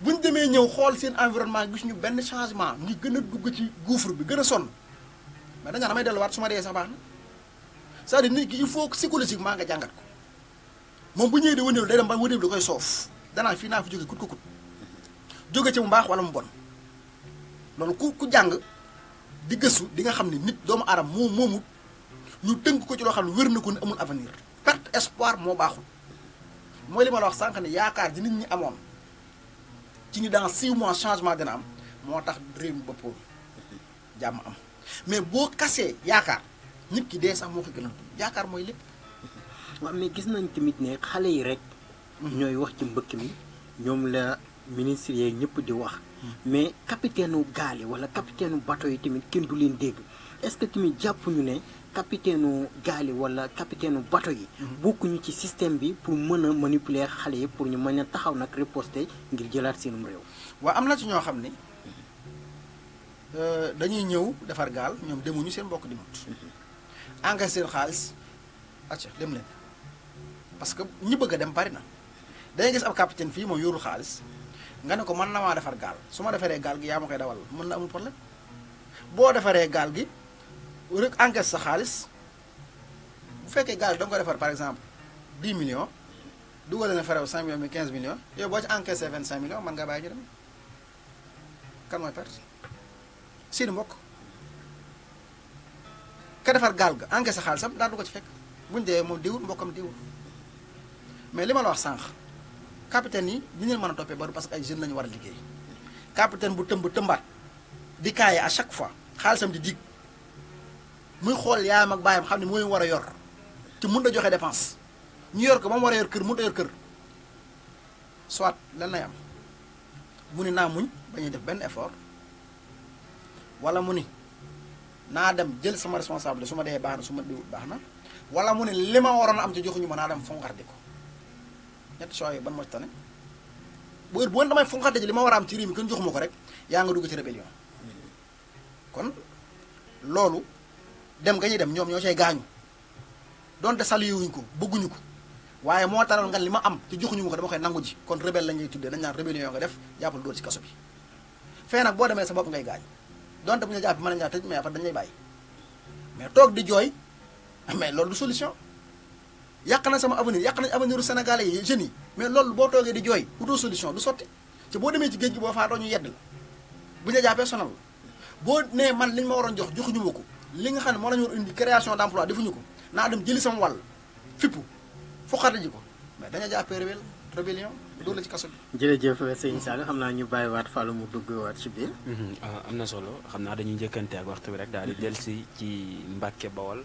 bu ñu demee ñëw xool seen environnement gis ñu benn changement ñu gën a dugg ci gouffre bi gën a sonn mais dañaa damay delluwaat su ma dee sax baax na c'est-à-dire nit ki il faut psychologiquement nga jàngat ko moom bu ñëwee di wëndeelu day dem ba wëndeelu da koy soof danaa fii naa fi jógee kut ko kut jóge ci mu baax wala mu bon loolu ku ku jàng di gëstu di nga xam ne nit doomu aadama moo moomut ñu tënk ko ci loo xam ne wér na ko amul avenir perte espoir moo baaxul mooy li ma la wax sànq ne yaakaar ji nit ñi amoon ci ni dans six mois changement dina am moo tax réew mi boppam jàmm am mais boo kasee yaakaar nit ki dee sax moo ko gënal yaakaar mooy lépp. waaw mais gis nañ tamit ne xale yi rek. Hmm. ñooy wax ci mbëkk mi ñoom la. ministre yeeg ñëpp di wax. Hmm. mais capitaine u gaal yi wala capitaine u bateau yi tamit kenn du leen dégg est-ce que tamit jàppuñu ne capitaine gaali gaal yi wala capitaine u bateau yi. Hmm. bokkuñu ci système bi pour mën a manipuler xale yi pour ñu mën a taxaw nag riposter ngir jëlaat seenu réew. waa am na ci ñoo xam ni euh, dañuy ñëw defar gaal ñoom demuñu seen mbokk di mut hmm. engagé seen xaalis acca dem leen parce que ñi bëgg dem bari na dangay gis ab capitaine fii moom yorul xaalis. nga ne ko mën na maa defar gaal su ma defaree gaal gi yaa ma koy dawal mën na amul problème boo defaree gaal gi rek encaisse sa xaalis bu fekkee gaal gi da ko defar par exemple 10 million dugal na farew 5 millions mi quinze millions yow boo ci encaissé 25 millions mën nga bàyyi ñu dem mbokk ka defar gaal gi ga encaissé xaalisam daal du ko ci fekk buñu dee moom diwul mbokkam diwul mais li ma la wax sànq. capitaine yi ñu mëna topé baru parce que ay jeune lañu wara liggéey capitaine bu bu teumbat di kaaye à chaque fois xalsam di dig muy xol yaam ak bayam xamni moy wara yor te mënda a joxe dépense ñu yor ko ba mu yor kër mu yor kër soit lan lay am mu ni muñ bañu def ben effort wala mu ni dem jël sama responsable suma déy baax suma déy ma baax na wala mu ni am ma dem fonkar diko ñet choix yi ban mo tane bu heure bu won damay fonkat dajé lima wara am ci rim mi jox mako rek ya nga dugg ci rébellion kon lolu dem gañi dem ñom ñoy cey gañu don de salu wuñ ko bëgguñu ko waye mo taral nga lima am ci joxuñu ko dama koy nangu ji kon rebel lañuy tuddé dañ naan rébellion nga def jappal do ci kasso bi fé nak bo démé sa bop ngay gañ don de bu ñu japp man nga tej mais fa dañ lay bayyi mais tok di joy mais lolu solution yàq na sama avenir yàq nañ avenir u sénégalais yi jeunes mais loolu boo toogee di jooy utoo solution du sotti te boo demee ci géej gi boo faatoo ñu yedd la bu ñu jàppee sonal la boo nee man li ñu ma waroon jox joxuñu ma ko li nga xam ne moo la ñu war indi création d' emploi defuñu ko naa dem jëli sama wàll fippu foqate ji ko mais dañoo jàppee rebel rébellion dóor la ci kaso bi. jërëjëf sëñ Saga xam naa ñu bàyyiwaat Fallou mu duggaat ci biir. Mm-hmm. Ah, am na solo xam naa dañuy njëkkante ak waxtu bi rek daal di dellusi ci Mbàkke Bawol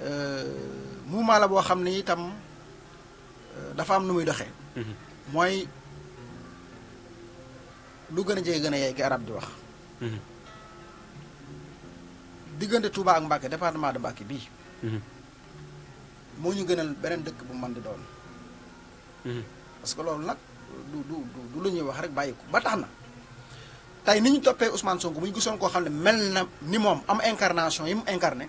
Euh, mouvement la boo xam ne itam euh, dafa am nu muy doxee. Mhm. mooy lu gën a jege gën a yegg arab di wax. Mhm. diggante Touba ak Mbacke département de Mbacke bii. Mhm. moo ñu gën a beneen dëkk bu mën di doon. parce que loolu nag du du du lu ñuy wax rek bàyyi ko ba tax na tey ni ñu toppee Ousmane Sonko bu ñu gisoon koo xam ne mel na ni moom am incarnation yi mu incarné.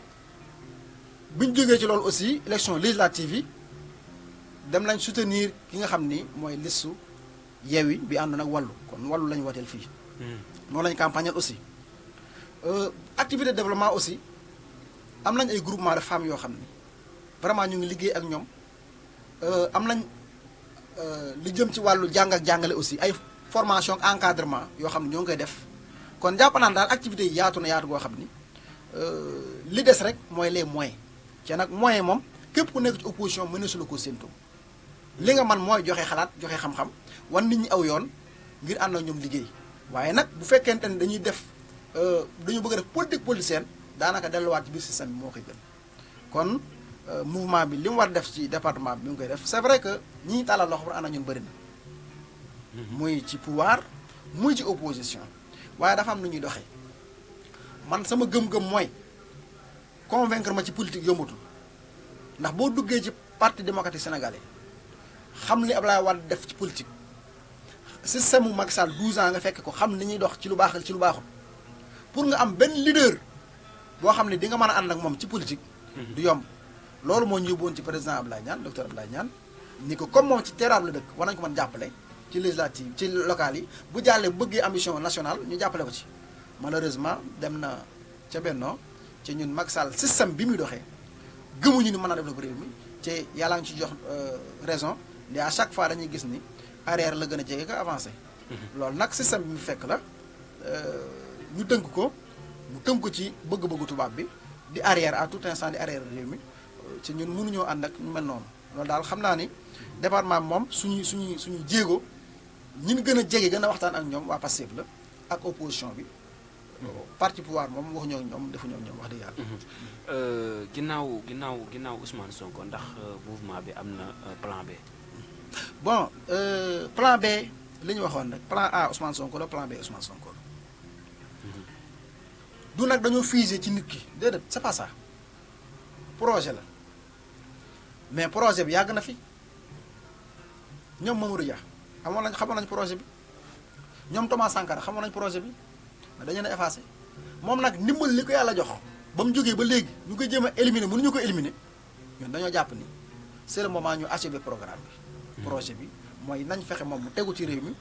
bi ñu jógee ci loolu aussi élection législative yi dem lañ soutenir ki nga xam ni mooy listu Yewwi bi àndoon ak wàllu kon wàllu lañu ñu wooteel fii. Hmm. noonu lañ campagnal aussi. Euh, activité de développement aussi am nañ ay groupement de femmes yoo xam ni vraiment ñu ngi liggéey ak ñoom euh, am nañ euh, li jëm ci wàllu jàng ak jàngale aussi ay formation ak encadrement yoo xam ne ñoo ngi koy def kon jàpp naan daal activités yi yaatu na yaatu goo xam ni li des rek mooy les moyens. ci nak moyen mom kep ku nek ci opposition mën su la ko séntu li nga man moy joxe xalat joxe xam-xam wan nit ñi aw yoon ngir ànd ak ñoom liggéey waaye nag bu fekkente dañuy def euh dañu bëgg def politique politicienne daanaka delluwaat ci biir système mo moo gën kon euh, mouvement bi lim war def ci département bi mu ngi koy def c'est vrai que ñi talal tàllal loxo ana ànd ak ñun bëri na mhm. muy ci pouvoir muy ci opposition waaye dafa am lu ñuy doxé man sama gëm-gëm mooy convaincre ma ci politique yombatul ndax boo duggee ci parti démocratique sénégalais xam ab Ablaye Wade def ci politique système mu Macky Sall 12 ans nga fekk ko xam ni ñuy dox ci lu baax ci lu baaxul pour nga am benn leader boo xam ne di nga mën a ànd ak moom ci politique. Mhm. du yomb loolu moo ñu yóbbuwoon ci président ñaan Niane docteur lay ñaan ni ko comme moom ci terrain la dëkk war nañ ko mën jàppale ci législative ci locales yi bu jàllee bëggee ambition national ñu jàppale ko ci dem na ca ci ñun Macky système bi muy doxee gëmuñu ni mën naa développer réew mi ci yàlla ngi ci jox euh, raison ne à chaque fois dañuy gis ni arrière la gëna a jege ko avancé. Mhm. loolu nag système bi mu fekk la euh ñu tënk ko mu tëm ko ci bëgg-bëggu tubaab bi di arrière à tout instant di arrière réew mi euh, ci ñun mënuñoo ànd ak ñu mel noonu loolu daal xam naa ni département moom suñu suñu suñu jéego ñin gën a jege gën a waxtaan ak ñoom waa Pastef la ak opposition bi. parti pouvoir moom wax ak ñoom defuñoo ak ñoom wax dëgg yàlla. Mhm. Euh, ginnaaw ginnaaw ginnaaw Ousmane Sonko ndax euh, mouvement bi am na euh, plan B. bon euh, plan B li ñu waxoon rek plan A Ousmane Sonko la plan B Ousmane sonkoo la. Mhm. du nag dañoo fusé ci nit ki déedéet c'est pas ça projet la mais projet bi yàgg na fi ñoom Mamadou Dia xamoon nañ xamoon nañ projet bi ñoom Thomas Sankara xamoon nañ projet bi. mais dañu ne effacé moom nag ndimbal li ko yàlla jox ba mu jógee ba léegi ñu ko jéem a éliminer ñu ko éliminer ñun dañoo jàpp ni c'est le moment ñu achever programme bi. Hmm. projet bi mooy nañ fexe moom mu tegu ci réew mi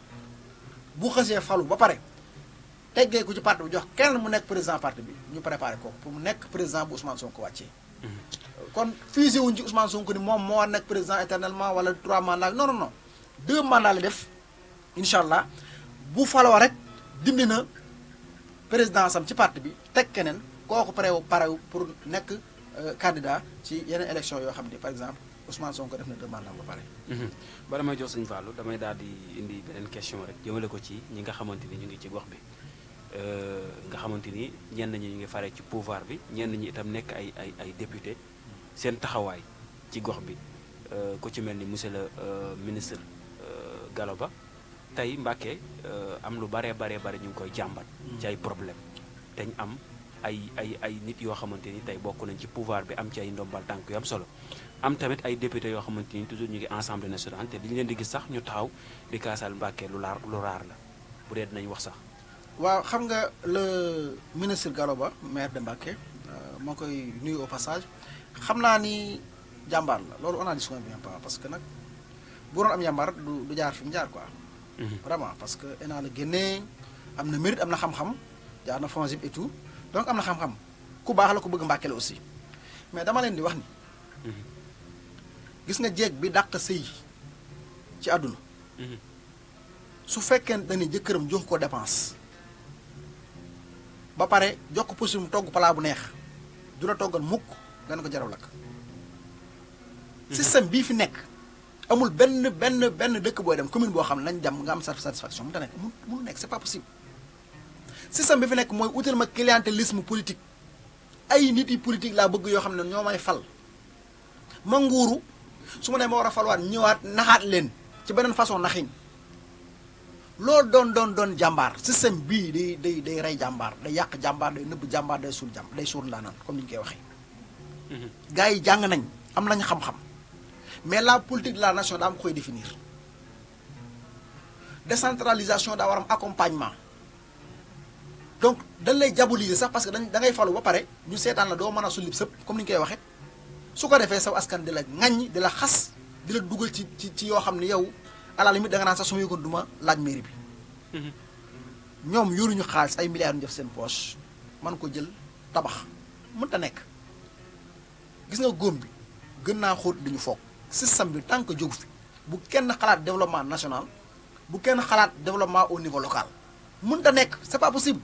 bu xësee falu ba pare teggee ku ci part bi jox kenn mu nekk président parti bi ñu préparé ko pour mu nekk président bu Ousmane ko wàccee. Hmm. kon fusé wuñ ci Ousmane Sonko ni moom moo war nekk président éternellement wala trois mandats non non non deux mandats la def incha allah bu faloo rek dindi na. présidence am ci parti bi teg keneen kooku parew parew pour nekk euh, candidat ci yeneen élection yoo xam ne par exemple Ousmane Sonko def na deux mandats ba pare. Mhm. bala may jox Sëñ Fallou damay daal di indi beneen question rek jëmale ko ci ñi nga xamante ni ñu ngi ci gox bi euh, nga xamante ni ñenn ñi ñu ngi fare ci pouvoir bi ñenn ñi itam nekk ay ay ay député seen taxawaay ci gox bi euh, ku ci mel ni monsieur le ministre ba tey Mbàkke euh, am lu baree baree bare ñu ngi koy jàmbat. ci ay problème dañ am ay ay ay nit yoo xamante ni tey bokk nañ ci pouvoir bi am ci ay ndombal tànk yom solo am tamit ay député yoo xamante ni toujours ñu ngi assemblée nationale te dañu leen di gis sax ñu taxaw di kaasal Mbàkke lu laar lu raar la bu dee dinañ wax sax. waaw xam nga le ministre Gallo Ba maire de Mbàkke euh, moo koy nuyu au passage xam naa ni jàmbaar la loolu on a dit parce que nag bu doon am jàmbaar du du jaar fi mu jaar quoi. Mhm. vraiment parce que ENA la mérite amna xam-xam na et tout donc amna xam-xam ku qui la ku aussi mais dama di wax ni bi dak sey ci mhm. su dañu jox ko dépense ba paré jox possible togg bu neex mukk ko jaraw mhm. système amul ben, ben, ben dekk boy dem commune bo xam ne nañ dem nga am satisfaction mu ta mu nek c'est pas possible système bi fi nek moy outil ma clientélisme politique ay nit yi politique la bëgg yo xam ne ñoo may fal ma nguuru su ma nee ma war a falwaat ñëwaat naxaat leen ci beneen façon naxiñ loolu doon doon doon jàmbaar système bii day day day rey jàmbaar day yàq jàmbaar day nëbb jàmbaar day suul jàmb day suul ndaanaan comme ni ñu koy waxee mhm. gars yi jàng nañ am nañ xam-xam mais la politique de la nation daa am koy définir décentralisation daa accompagnement donc dañ lay diaboliser sax parce que dañ les ngay falu ba nous ñu dans la doo mën a sulib sëpp comme ni ñu koy waxee su ko defee saw askan la ŋaññi de la chasse de la double ci ci ci yoo yow à la limite da nga naan sax su ma yëgoon du ma laaj mairie bi. Mm-hmm. ñoom yoruñu xaalis ay milliards ñu def seen poche man ko jël tabax ta nek gis nga góom bi gën naa xóot duñu fokk system bi tant que jógu fi bu kenn xalat développement national bu kenn xalat développement au niveau local mën ta nek c'est pas possible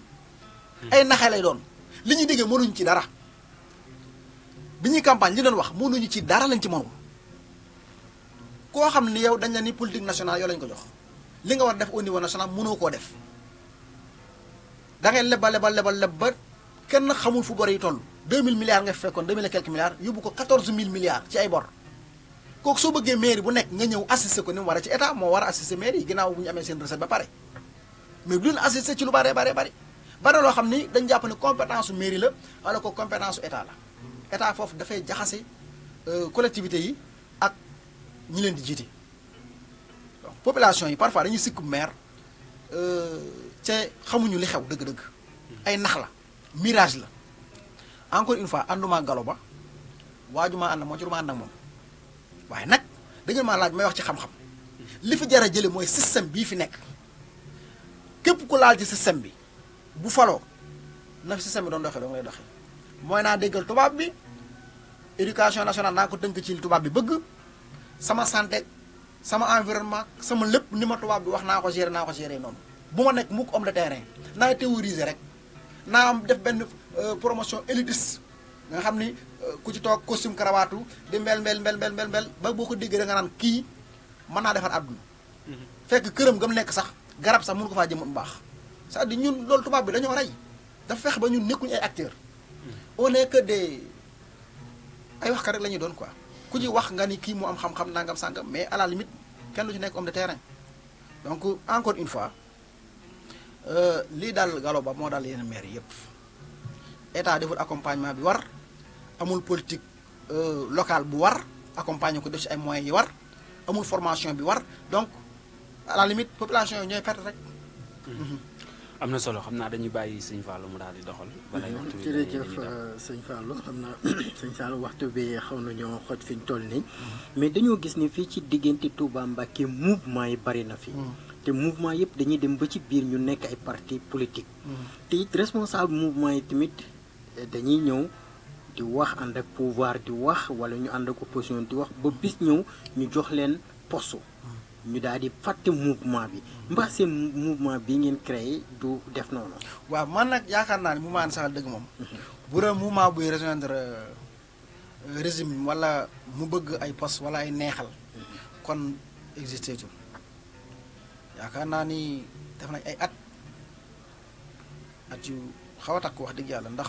hmm. ay naxé lay doon liñu ñuy mënuñ ci dara biñu campagne li doon wax mënuñu ci dara lañ ci mënu ko xamni yow dañ la ni politique nationale yo lañ ko jox li nga war def au niveau national mënoo ko def da ngay lebal lebal lebal lebal kenn xamul fu bari yi toll 2000 milliards nga fekkon 2000 quelques milliards yóbbu ko 14000 milliards ci ay bor kooku soo bëggee mairie bu nekk nga ñëw assister ko ni mu war a ci état moo war a assister mairie yi ginnaaw bu ñu amee seen recette ba pare mais du leen assister ci lu bare bare bari bare loo xam ni dañ jàpp ne compétence su mairie la wala ko compétence su état la état foofu dafay jaxase euh, collectivités yi ak ñi leen di jiite donc population yi parfois dañuy sikk maire euh, te xamuñu li xew dëgg-dëgg ay nax la mirage la encore une fois ànduma galo ba waa ànd moo ci duma ànd ak moom waaye nag dañu maa laaj may wax ci xam-xam li fi jar a jële mooy système bii fi nekk képp ku laal ci système bi bu faloo na système bi doon doxee doon lay doxee mooy naa déggal tubaab bi éducation nationale naa ko tënk ci li tubaab bi bëgg sama santé sama environnement sama lépp ni ma tubaab bi wax naa ko gérer naa ko gérer noonu bu ma nekk mukk homme de terrain naay théoriser rek naa am def benn euh, promotion élitiste nga xam ni euh, ku ci toog costume karawaatu di mbel mbel mbel mbel mbel mbel ba boo ko déggee da nga naan kii mën naa defar àdduna mhm. fekk këram gam nekk sax garab sax mënu ko faa jëm bu baax cest à ñun loolu tubaab bi dañoo rey dafa fex ba ñun nekkuñu ay acteur mhm. on est que des ay waxkat rek la ñuy doon quoi ku ci wax nga ni kii mu am xam-xam nangam sangam mais à la limite kenn lu ci nekk homme de terrain donc encore une fois euh, lii daal galo ba moo daal yenn maire yëpp état deful accompagnement bi war amul politique euh, locale bu war accompagner ko def ci ay moyens yi war amul formation bi war donc à la limite population yi ñooy perte rek. Mhm. am na solo xam naa dañuy bàyyi sëñ Fallou mu daal di doxal. balay waxtu bi jërëjëf euh, xam na sëñ Fallou waxtu bi xaw nañoo xoj fi ñu toll nii. mais dañoo gis ni fii ci diggante Touba Mbacké mouvement yi bari na fi. Mhm. te mouvement yëpp dañuy dem ba ci biir ñu nekk ay parti politique. Mhm. te it responsable mouvement yi tamit. dañuy ñëw di wax and ak pouvoir di wax wala ñu and ak opposition di wax ba bis ñëw ñu jox leen poste ñu daal di mouvement bi mbax seen mouvement bi ngeen créé du def noonu wa man nak yaakar naa ne mouvement sax deug mom bu re mouvement bu rejoindre euh, régime wala mu bëgg ay poste wala ay neexal kon existé tu yaakar naa ni def nañ ay at at yu xaw a wax deug yalla ndax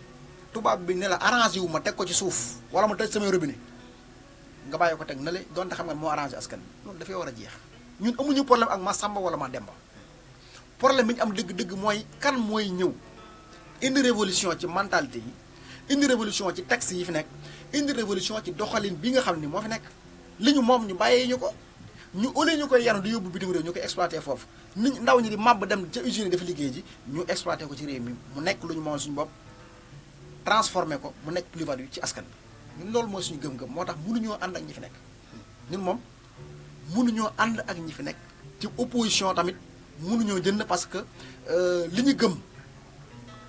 tubaab bi ne la arrangé wu ma teg ko ci suuf wala ma tëj samay robinet nga bàyyi ko teg na le donte xam nga moo arrangé askan bi loolu dafay war a jeex ñun amuñu problème ak ma sàmba wala ma dem demba problème bi ñu am dëgg-dëgg mooy kan mooy ñëw indi révolution ci mentalité yi indi révolution ci texte yi fi nekk indi révolution ci doxalin bi nga xam ni moo fi nekk li ñu moom ñu bàyyee ñu ko ñu ole ñu koy yanu di yóbbu bitim réew ñu koy exploité foofu nit ndaw ñi di màbb dem ca usine dafa liggéey ji ñu exploité ko ci réew mi mu nekk lu ñu moom suñu bopp transformé ko mu nekk plus-value ci askan bi ñun loolu mooy suñu gëm-gëm moo tax mënuñoo ànd ak ñi fi nekk ñun moom mënuñoo ànd ak ñi fi nekk ci opposition tamit mënuñoo jënd parce que euh, li ñu gëm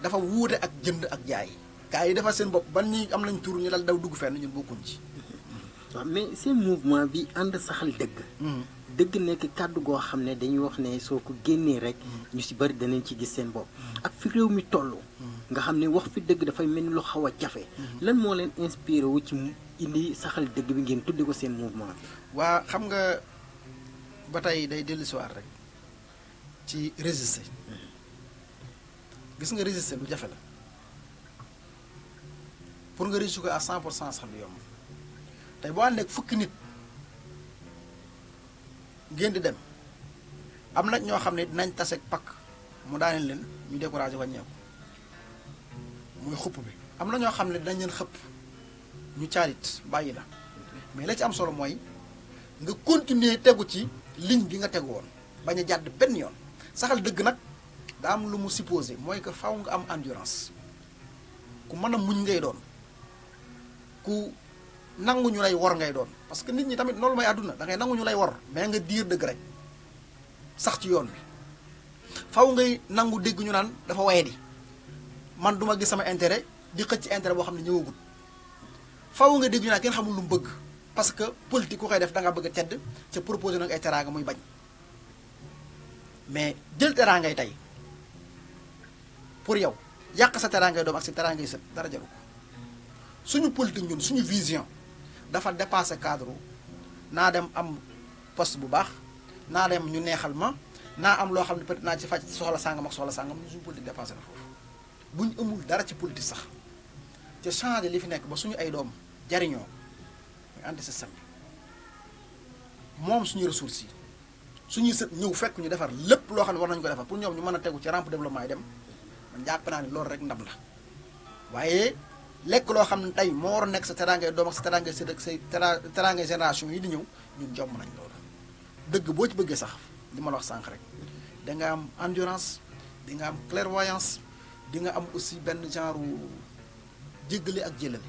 dafa wuute ak jënd ak jaay yi gars yi dafa seen bopp ban ñi am nañ tur ñu dal daw dugg fenn ñun bokkuñ ci waaw mais seen mouvement bi ànd saxal dëgg hmm. dëgg nekk kàddu goo xam ne dañuy wax ne soo ko génnee rek mm. ñu si bari danañ ci gis seen bopp mm. ak fi réew mi toll mm. nga xam ne wax fi dëgg dafay mel ni lu xaw a jafe mm-hmm. lan moo leen inspiré wu ci indi saxal dëgg bi ngeen tudde ko seen mouvement waa xam nga ba tey day dellu si rek ci résister gis nga résister lu jafe la pour nga réussir ko à 100 pour cent sax lu yomb tey boo ànd ak fukki nit génn di dem am na ñoo xam ne dinañ taseeg pakk mu daaneel leen ñu découragé wàññeeku mooy xupp bi am na ñoo xam ne dinañ leen xëpp ñu caalit bàyyi la mais la ci am solo mooy nga continuer tegu ci ligne bi nga tegu woon bañ a jàdd benn yoon saxal dëgg nag daa am lu mu supposé mooy que faw nga am endurance ku mën a muñ ngay doon ku nangu ñu lay wor ngay doon parce que nit ñi tamit loolu may aduna da ngay nangu ñu lay wor mais nga dir deug rek sax ci yoon bi faaw ngay nangu ñu naan dafa waye di man duma gis sama intérêt di xëc ci intérêt bo xamni ne faaw nga dégg ñu naan kenn xamul lu mu bëgg parce que politique ku koy def da nga bëgg tedd ci proposer nak ay teranga muy bañ mais jël tay pour yow yak sa teranga doom ak sa sa dara jaru suñu politique ñun suñu vision dafa dépassé cadre naa dem am poste bu baax naa dem ñu neexal ma naa am loo xam ne peut naa ci faj soxla sàngam ak soxla sàngam ñu suñu politique dépassé na foofu bu ñu amul dara ci politique sax te changé li fi nekk ba suñu ay doom jariñoo muy anti système bi moom suñu ressources yi suñuy sët ñëw fekk ñu defar lépp loo xam ne war nañ ko defar pour ñoom ñu mën a tegu ci rampe développement yi dem man jàpp naa ne loolu rek ndab la waaye lekk loo xam ne tey moo war nekk sa teraangay doom ak sa teraangay sët ak say teraangay génération yi di ñëw ñun jomm nañ loolu dëgg boo ci bëggee sax li ma la wax sànq rek da nga am endurance di nga am clairvoyance di nga am aussi benn genre jéggale ak jëlale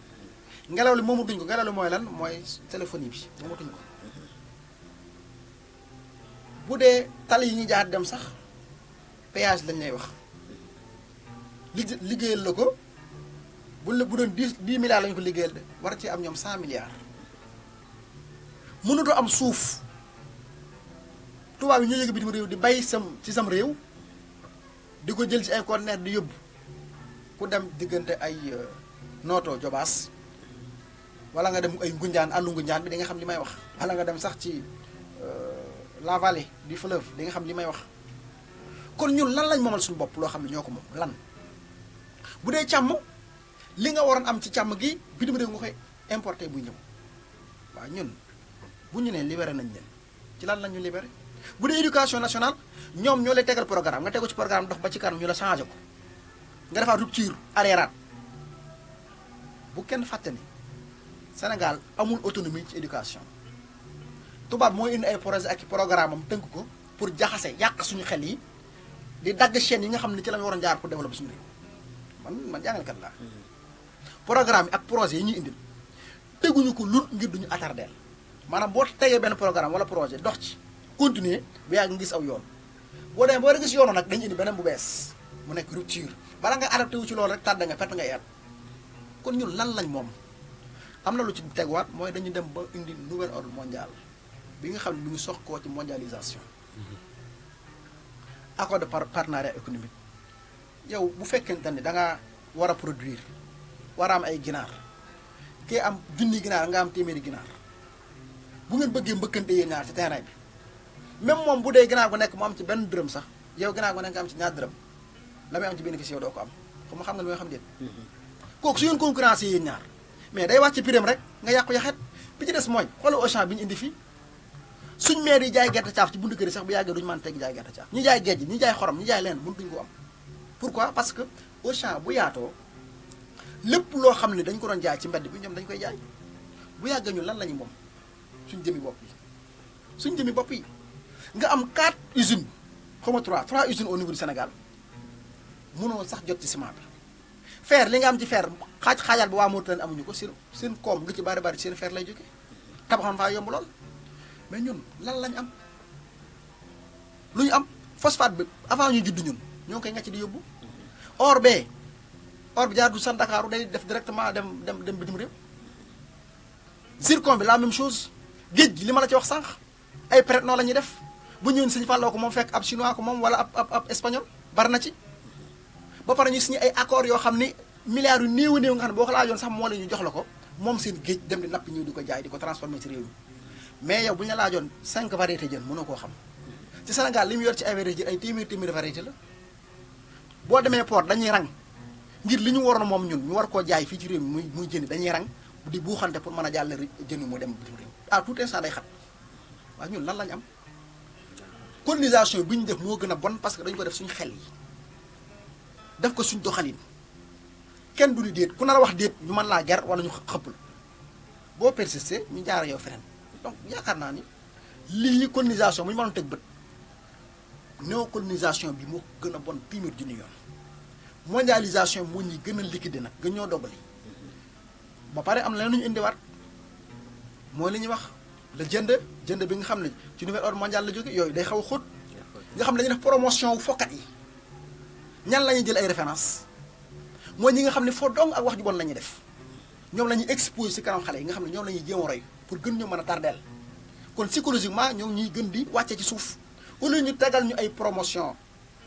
ngelaw li momu duñ ko ngelaw li moy lan moy téléphone bi momu duñ ko budé dee tali yi ñi jaar dem sax péage lañ lay wax liggéeyal lako bu la bu doon 10 milliards lañ ko liggéeyal de war ci am ñom 100 milliards mënu do am suuf tubaab yi ñoo yëg bitim réew di bay sam ci sam réew di ko jël ci ay corner di yóbbu ku dem diggante ay euh, noto jobaas wala nga dem ay gundian andu gundian bi di nga xam limay wax wala nga dem sax ci euh, la vallée du fleuve di nga xam limay wax kon ñun lan lañ momal suñu bop lo xam ne ñoo ko lan bu dee càmm li nga waroon am ci cham gi bitim réew nga koy importer bu ñew wa ñun bu ñu né libéré nañ leen ci lan lañ ñu libéré bu éducation nationale ñom ñolay tégal programme nga téggu ci programme dox ba ci kanam ñu la changer ko nga dafa rupture arrière bu kenn fatani Sénégal amul autonomie ci éducation tubaab mooy indi ay projet ak programme am tënk ko pour jaxase yàq suñu xel yi di dagg chaînes yi nga xam ne ci la ñu war a jaar pour développer suñu réew man man jàngalekat laa. programme yi ak projet yi ñuy indil teguñu ko lu ngir duñu attardeel maanaam boo tegee benn programme wala projet dox ci continuer ba yàgg nga gis aw yoon boo demee boo war a gis yoonu nag dañu indi beneen bu bees mu nekk rupture bala nga adapté wu ci loolu rek tàdd nga perte nga yaat kon ñun lan lañ moom. am na lu ci teguwaat mooy dañu dem ba indi nouvel ordre mondial bi nga xam ne mi ngi sox koo ci mondialisation mm-hmm. accord de partenariat économique yow bu fekkente ni da ngaa war a produire war a am ay ginaar kee am junni ginaar nga am téeméeri ginaar bu ngeen bëggee mbëkkante yéen ñaar ci terrain bi même moom bu dee ginaar gu nekk mu am ci benn dërëm sax yow ginaar gu nekk nga am ci ñaar dërëm la muy am ci bénéfice yow doo ko am xam nga xam nga xam déet mm-hmm. kooku su ngeen ñaar mais day wàcc prix rek nga yàqu yaxet bi ci des mooy xoolal Auchan bi ñu indi fi suñ meer yi jaay gerte caaf ci buntu kër sax bu yàggee duñu mën tegg jaay gerte caaf ñu jaay géej ñi jaay xorom ñu jaay leen mun duñu ko am pourquoi parce que Auchan bu yaatoo lépp loo xam ne dañ ko doon jaay ci mbedd bi ñoom dañ koy jaay bu yàggee ñu lan la ñu moom suñ jëmi bopp yi suñ jëmi bopp yi nga am 4 usines xaw ma 3 3 usines au niveau du Sénégal mënoo sax jot ci bi fer li nga am ci fer xaaj xaajal bi waa Mauritanie amuñu ko seen seen koom lu ci bari bari seen fer lay jóge tabaxoon faa yomb lool mais ñun lan lañ am lu ñu am phosphate bi avant ñu judd ñun ñoo ngi koy ngacc di yóbbu or bee or bi jaar du san Dakar day def directement dem dem dem bitim réew zircon bi la même chose géej gi li ma la ci wax sànq ay prête noonu la ñuy def bu ñëwee sëñ Falloo ko moom fekk ab chinois ko moom wala ab ab ab bari na ci. ba pare ñu signé ay accord yoo xam ni milliards yu néew a néew nga xam ne boo ko laajoon sax moo la ñu jox la ko moom seen géej dem di napp ñëw di ko jaay di ko transformé ci réew mi mais yow bu ñu la laajoon cinq variétés jën mënoo koo xam Sénégal li mu yor ay téeméer téeméer variété la boo demee port dañuy rang ngir li ñu waroon moom ñun ñu war koo jaay fii ci réew muy muy jënd dañuy rang di buuxante pour mën a jàll jën mu dem bitim à tout instant day xat waaye ñun lan lañ am colonisation bi ñu def moo gën a bon parce que dañu ko def suñu xel yi def ko suñ doxalin kenn du ni déet ku naa a wax déet ñu man laa ger wala ñu xëpp la boo persister ñu jaar yow feneen donc yaakaar naa ni lii colonisation bu ñu mënoon teg bët néocolonisation bi mu gën a bon téeméer junni yoon mondialisation moo ñuy gën a liquide nag gën ñoo dogali ba pare am na leneen lu ñu indiwaat mooy li ñuy wax la jënd jënd bi nga xam ne ci nouvel ordre mondial la jóge yooyu day xaw a xóot nga xam ne dañuy def promotion wu yi ñan lañu jël ay référence mooy ñi nga xamni fo dong ak wax ju bon lañu def ñom lañu ñuy exposé ci kanam xale yi nga xamni ñom lañu la roy pour gën ñu mëna tardel kon psychologiquement ñom ñi gën di wàcce ci suuf au lieu ñu tegal ñu ay promotion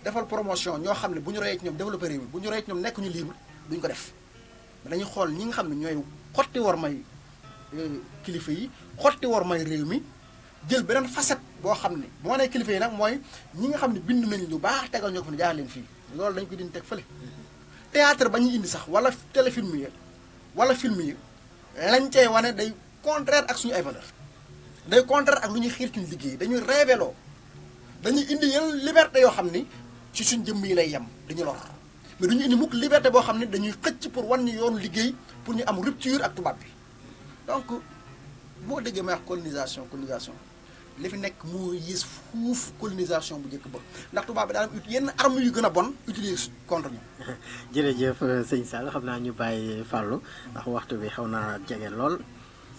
defal promotion ño xamni buñu roy ak ñom développer ñoom buñu roy ak ñom ñu nekk ñu libre duñ ko def dañuy xol ñi nga xamni ñoy xoti xotti war may kilifa yi xoti war may réew mi jël benen facette bo xamni xam ne kilifa yi nak moy ñi nga xamni bindu nañ lu baax tegal ñoo ko fi jaar leen fi loolu dañ ko dindi teg fële théâtre ba ñu indi sax wala téléfilm yi wala film yi lañ cey wane day contraire ak suñu ay valeur day contraire ak lu ñuy xiir ci liggéey dañuy révéloo dañuy indi yenn liberté yoo xam ni ci suñ jëmm yi lay yem dañu lor mais ñu indi mukk liberté boo xam ne dañuy xëcc pour wan ni yoonu liggéey pour ñu am rupture ak tubaab bi donc moo déggee may wax colonisation colonisation li fi nekk mu yées fuuf colonisation bu njëkk ba ndax tubaab bi daal yenn armes yu gën a bon utiliser contre ñu. jërëjëf sëñ Sall xam naa ñu bàyyi fàllu ndax waxtu bi xaw naa jege lool.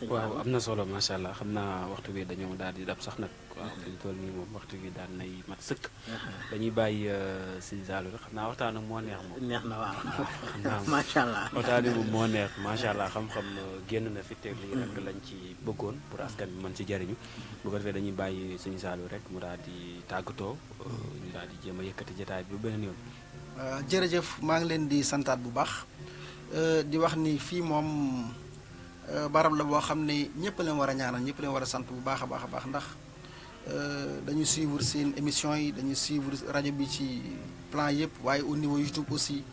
waaw am na solo macha allah xam naa waxtu bi dañoo daal di dab sax nag. waaw fi ñu toll nii moom waxtu bi daal nay mat sëkk. dañuy bàyyi euh, si zaalu rek xam naa waxtaan moo neex neex na waaw macha allah waxtaan moo neex macha allah xam euh, génn na fi teg lii mm-hmm. lañ ci bëggoon pour askan bi mën ci jariñu bu dañuy bàyyi suñu zaalu rek mu daal di tàggatoo euh, ñu daal di jéem a yëkkati jotaay bi ba beneen yoon. jërëjëf maa ngi leen di santaat bu baax di wax ni fii moom. Euh, barab la boo xam ne ñëpp leen war a ñaanal ñëpp leen war a sant bu baax a baax a baax ndax euh, dañu suivre seen émission yi dañu suivre rajo bi ci plan yëpp waaye au niveau YouTube aussi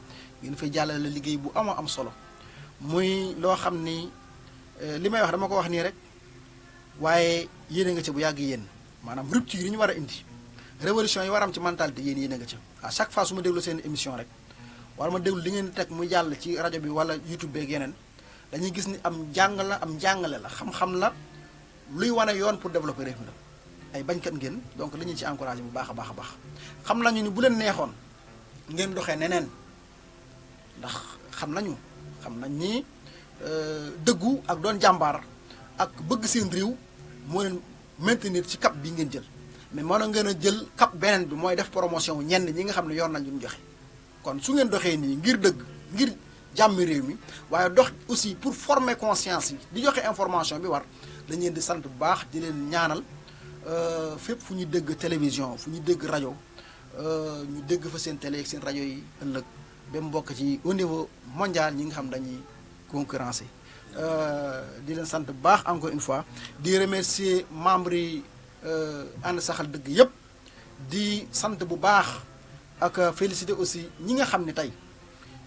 ngeen fay jàllale liggéey bu amoo am solo muy loo xam ni euh, li may wax dama ko wax nii rek waaye yéene nga ca bu yàgg yéen maanaam rupture yi ñu war a indi révolution yi war am ci mentalité yéen yéene nga ca à chaque fois su ma déglu seen émission rek wala ma déglu li ngeen teg mu jàll ci rajo bi wala YouTube beeg yeneen dañuy gis ni am jàng la am jàngale la xam-xam la luy wane yoon pour développer réew mi la ay bañkat ngeen donc li ñu ci encouragé bu baax a baax a baax xam nañu ni bu leen neexoon ngeen doxee neneen ndax xam nañu xam nañ ni euh, dëggu ak doon jàmbaar ak bëgg seen réew moo leen maintenir ci cap bi ngeen jël mais mënoon ngeen a jël cap beneen bi mooy def promotion ñenn ñi nga xam ne yoon nañu ñu joxe kon su ngeen doxee nii ngir dëgg ngir jàmmi réew dox aussi pour former conscience di joxe information bi war dañ leen di sante bu baax di leen ñaanal euh, fépp fu ñu dégg télévision fu ñu dégg euh ñu dégg fa seen télé ak seen radio yi ëlëk bëm mu bokk ci au niveau mondial ñi nga xam dañuy concurrencer euh di leen sante bu baax encore une fois di remercier membres yi euh and saxal dëgg yëpp di sante bu baax ak féliciter aussi ñi nga xam ne tey.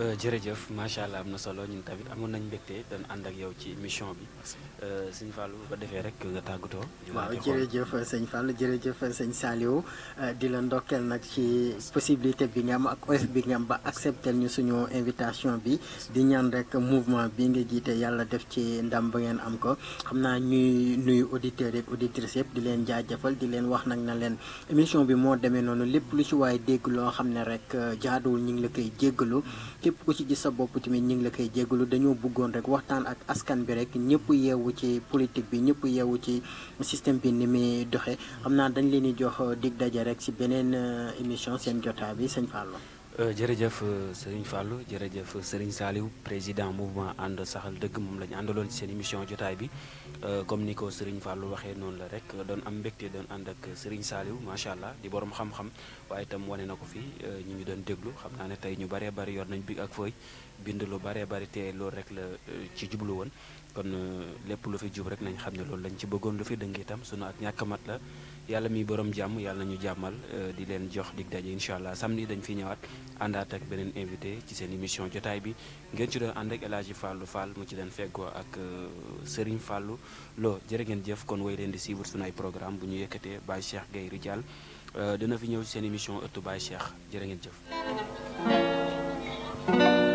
Euh, jërëjëf macha allah am na solo ñun tamit amoon nañ mbégte dañ ànd ak yow ci mission bi. Euh, sëñ Fall bu ko defee rek nga tàggatoo. waaw jërëjëf sëñ Fall jërëjëf sëñ Saliou euh, di la ndokkeel nag ci possibilité bi nga am ak oeuf bi nga am ba accepter ñu suñu invitation bi di ñaan rek mouvement bi nga jiite yàlla def ci ndam ba ngeen am ko xam naa ñuy nuyu auditeurs yëpp auditrices yëpp di leen jaajëfal di leen wax nag na leen émission bi moo demee noonu lépp lu ci waaye dégg loo xam ne rek euh, jaaduwul ñu ngi la koy jéggalu képp ku ci gis sa bopp tamit ñu ngi la koy jéggalu dañoo bëggoon rek waxtaan ak askan bi rek ñëpp ci politique bi ñëpp yeewu ci système bi ni muy doxee xam naa dañ leen di jox euh, dig daje rek si beneen euh, émission seen jotaay bi sëñ Fallou. Euh, jërëjëf Serigne Fallou jërëjëf Serigne Saliou président mouvement ànd saxal dëgg moom la ñu àndaloon ci seen émission jotaay bi comme ni ko Serigne Fallou waxee noonu la rek doon am mbégte doon ànd ak Serigne Saliou macha allah di borom xam-xam waaye itam wane na ko fii ñu ngi doon déglu xam naa ne tey ñu baree bari yoon nañ big ak fooy bind lu baree bari te loolu rek la ci jublu kon euh, lépp lu fi jub rek nañ xam ne loolu lañ ci bëggoon lu fi dëng itam sunu ak ñàkk mat la yàlla mi borom jàmm yàlla nañu jàmmal euh, di leen jox dig daje incha allah samedi dañ fi ñëwaat àndaat ak beneen invité ci seen émission jotaay bi ngeen ci doon ànd ak El Hadji Fallou Fall mu ci doon feggoo ak euh, Serigne fàllu loo jërë ngeen jëf kon woy leen di suivre sunu ay programme bu ñu yëkkatee Baye Cheikh Gueye Ridial dina fi ñëw seen émission ëttu Baye Cheikh jërë ngeen jëf.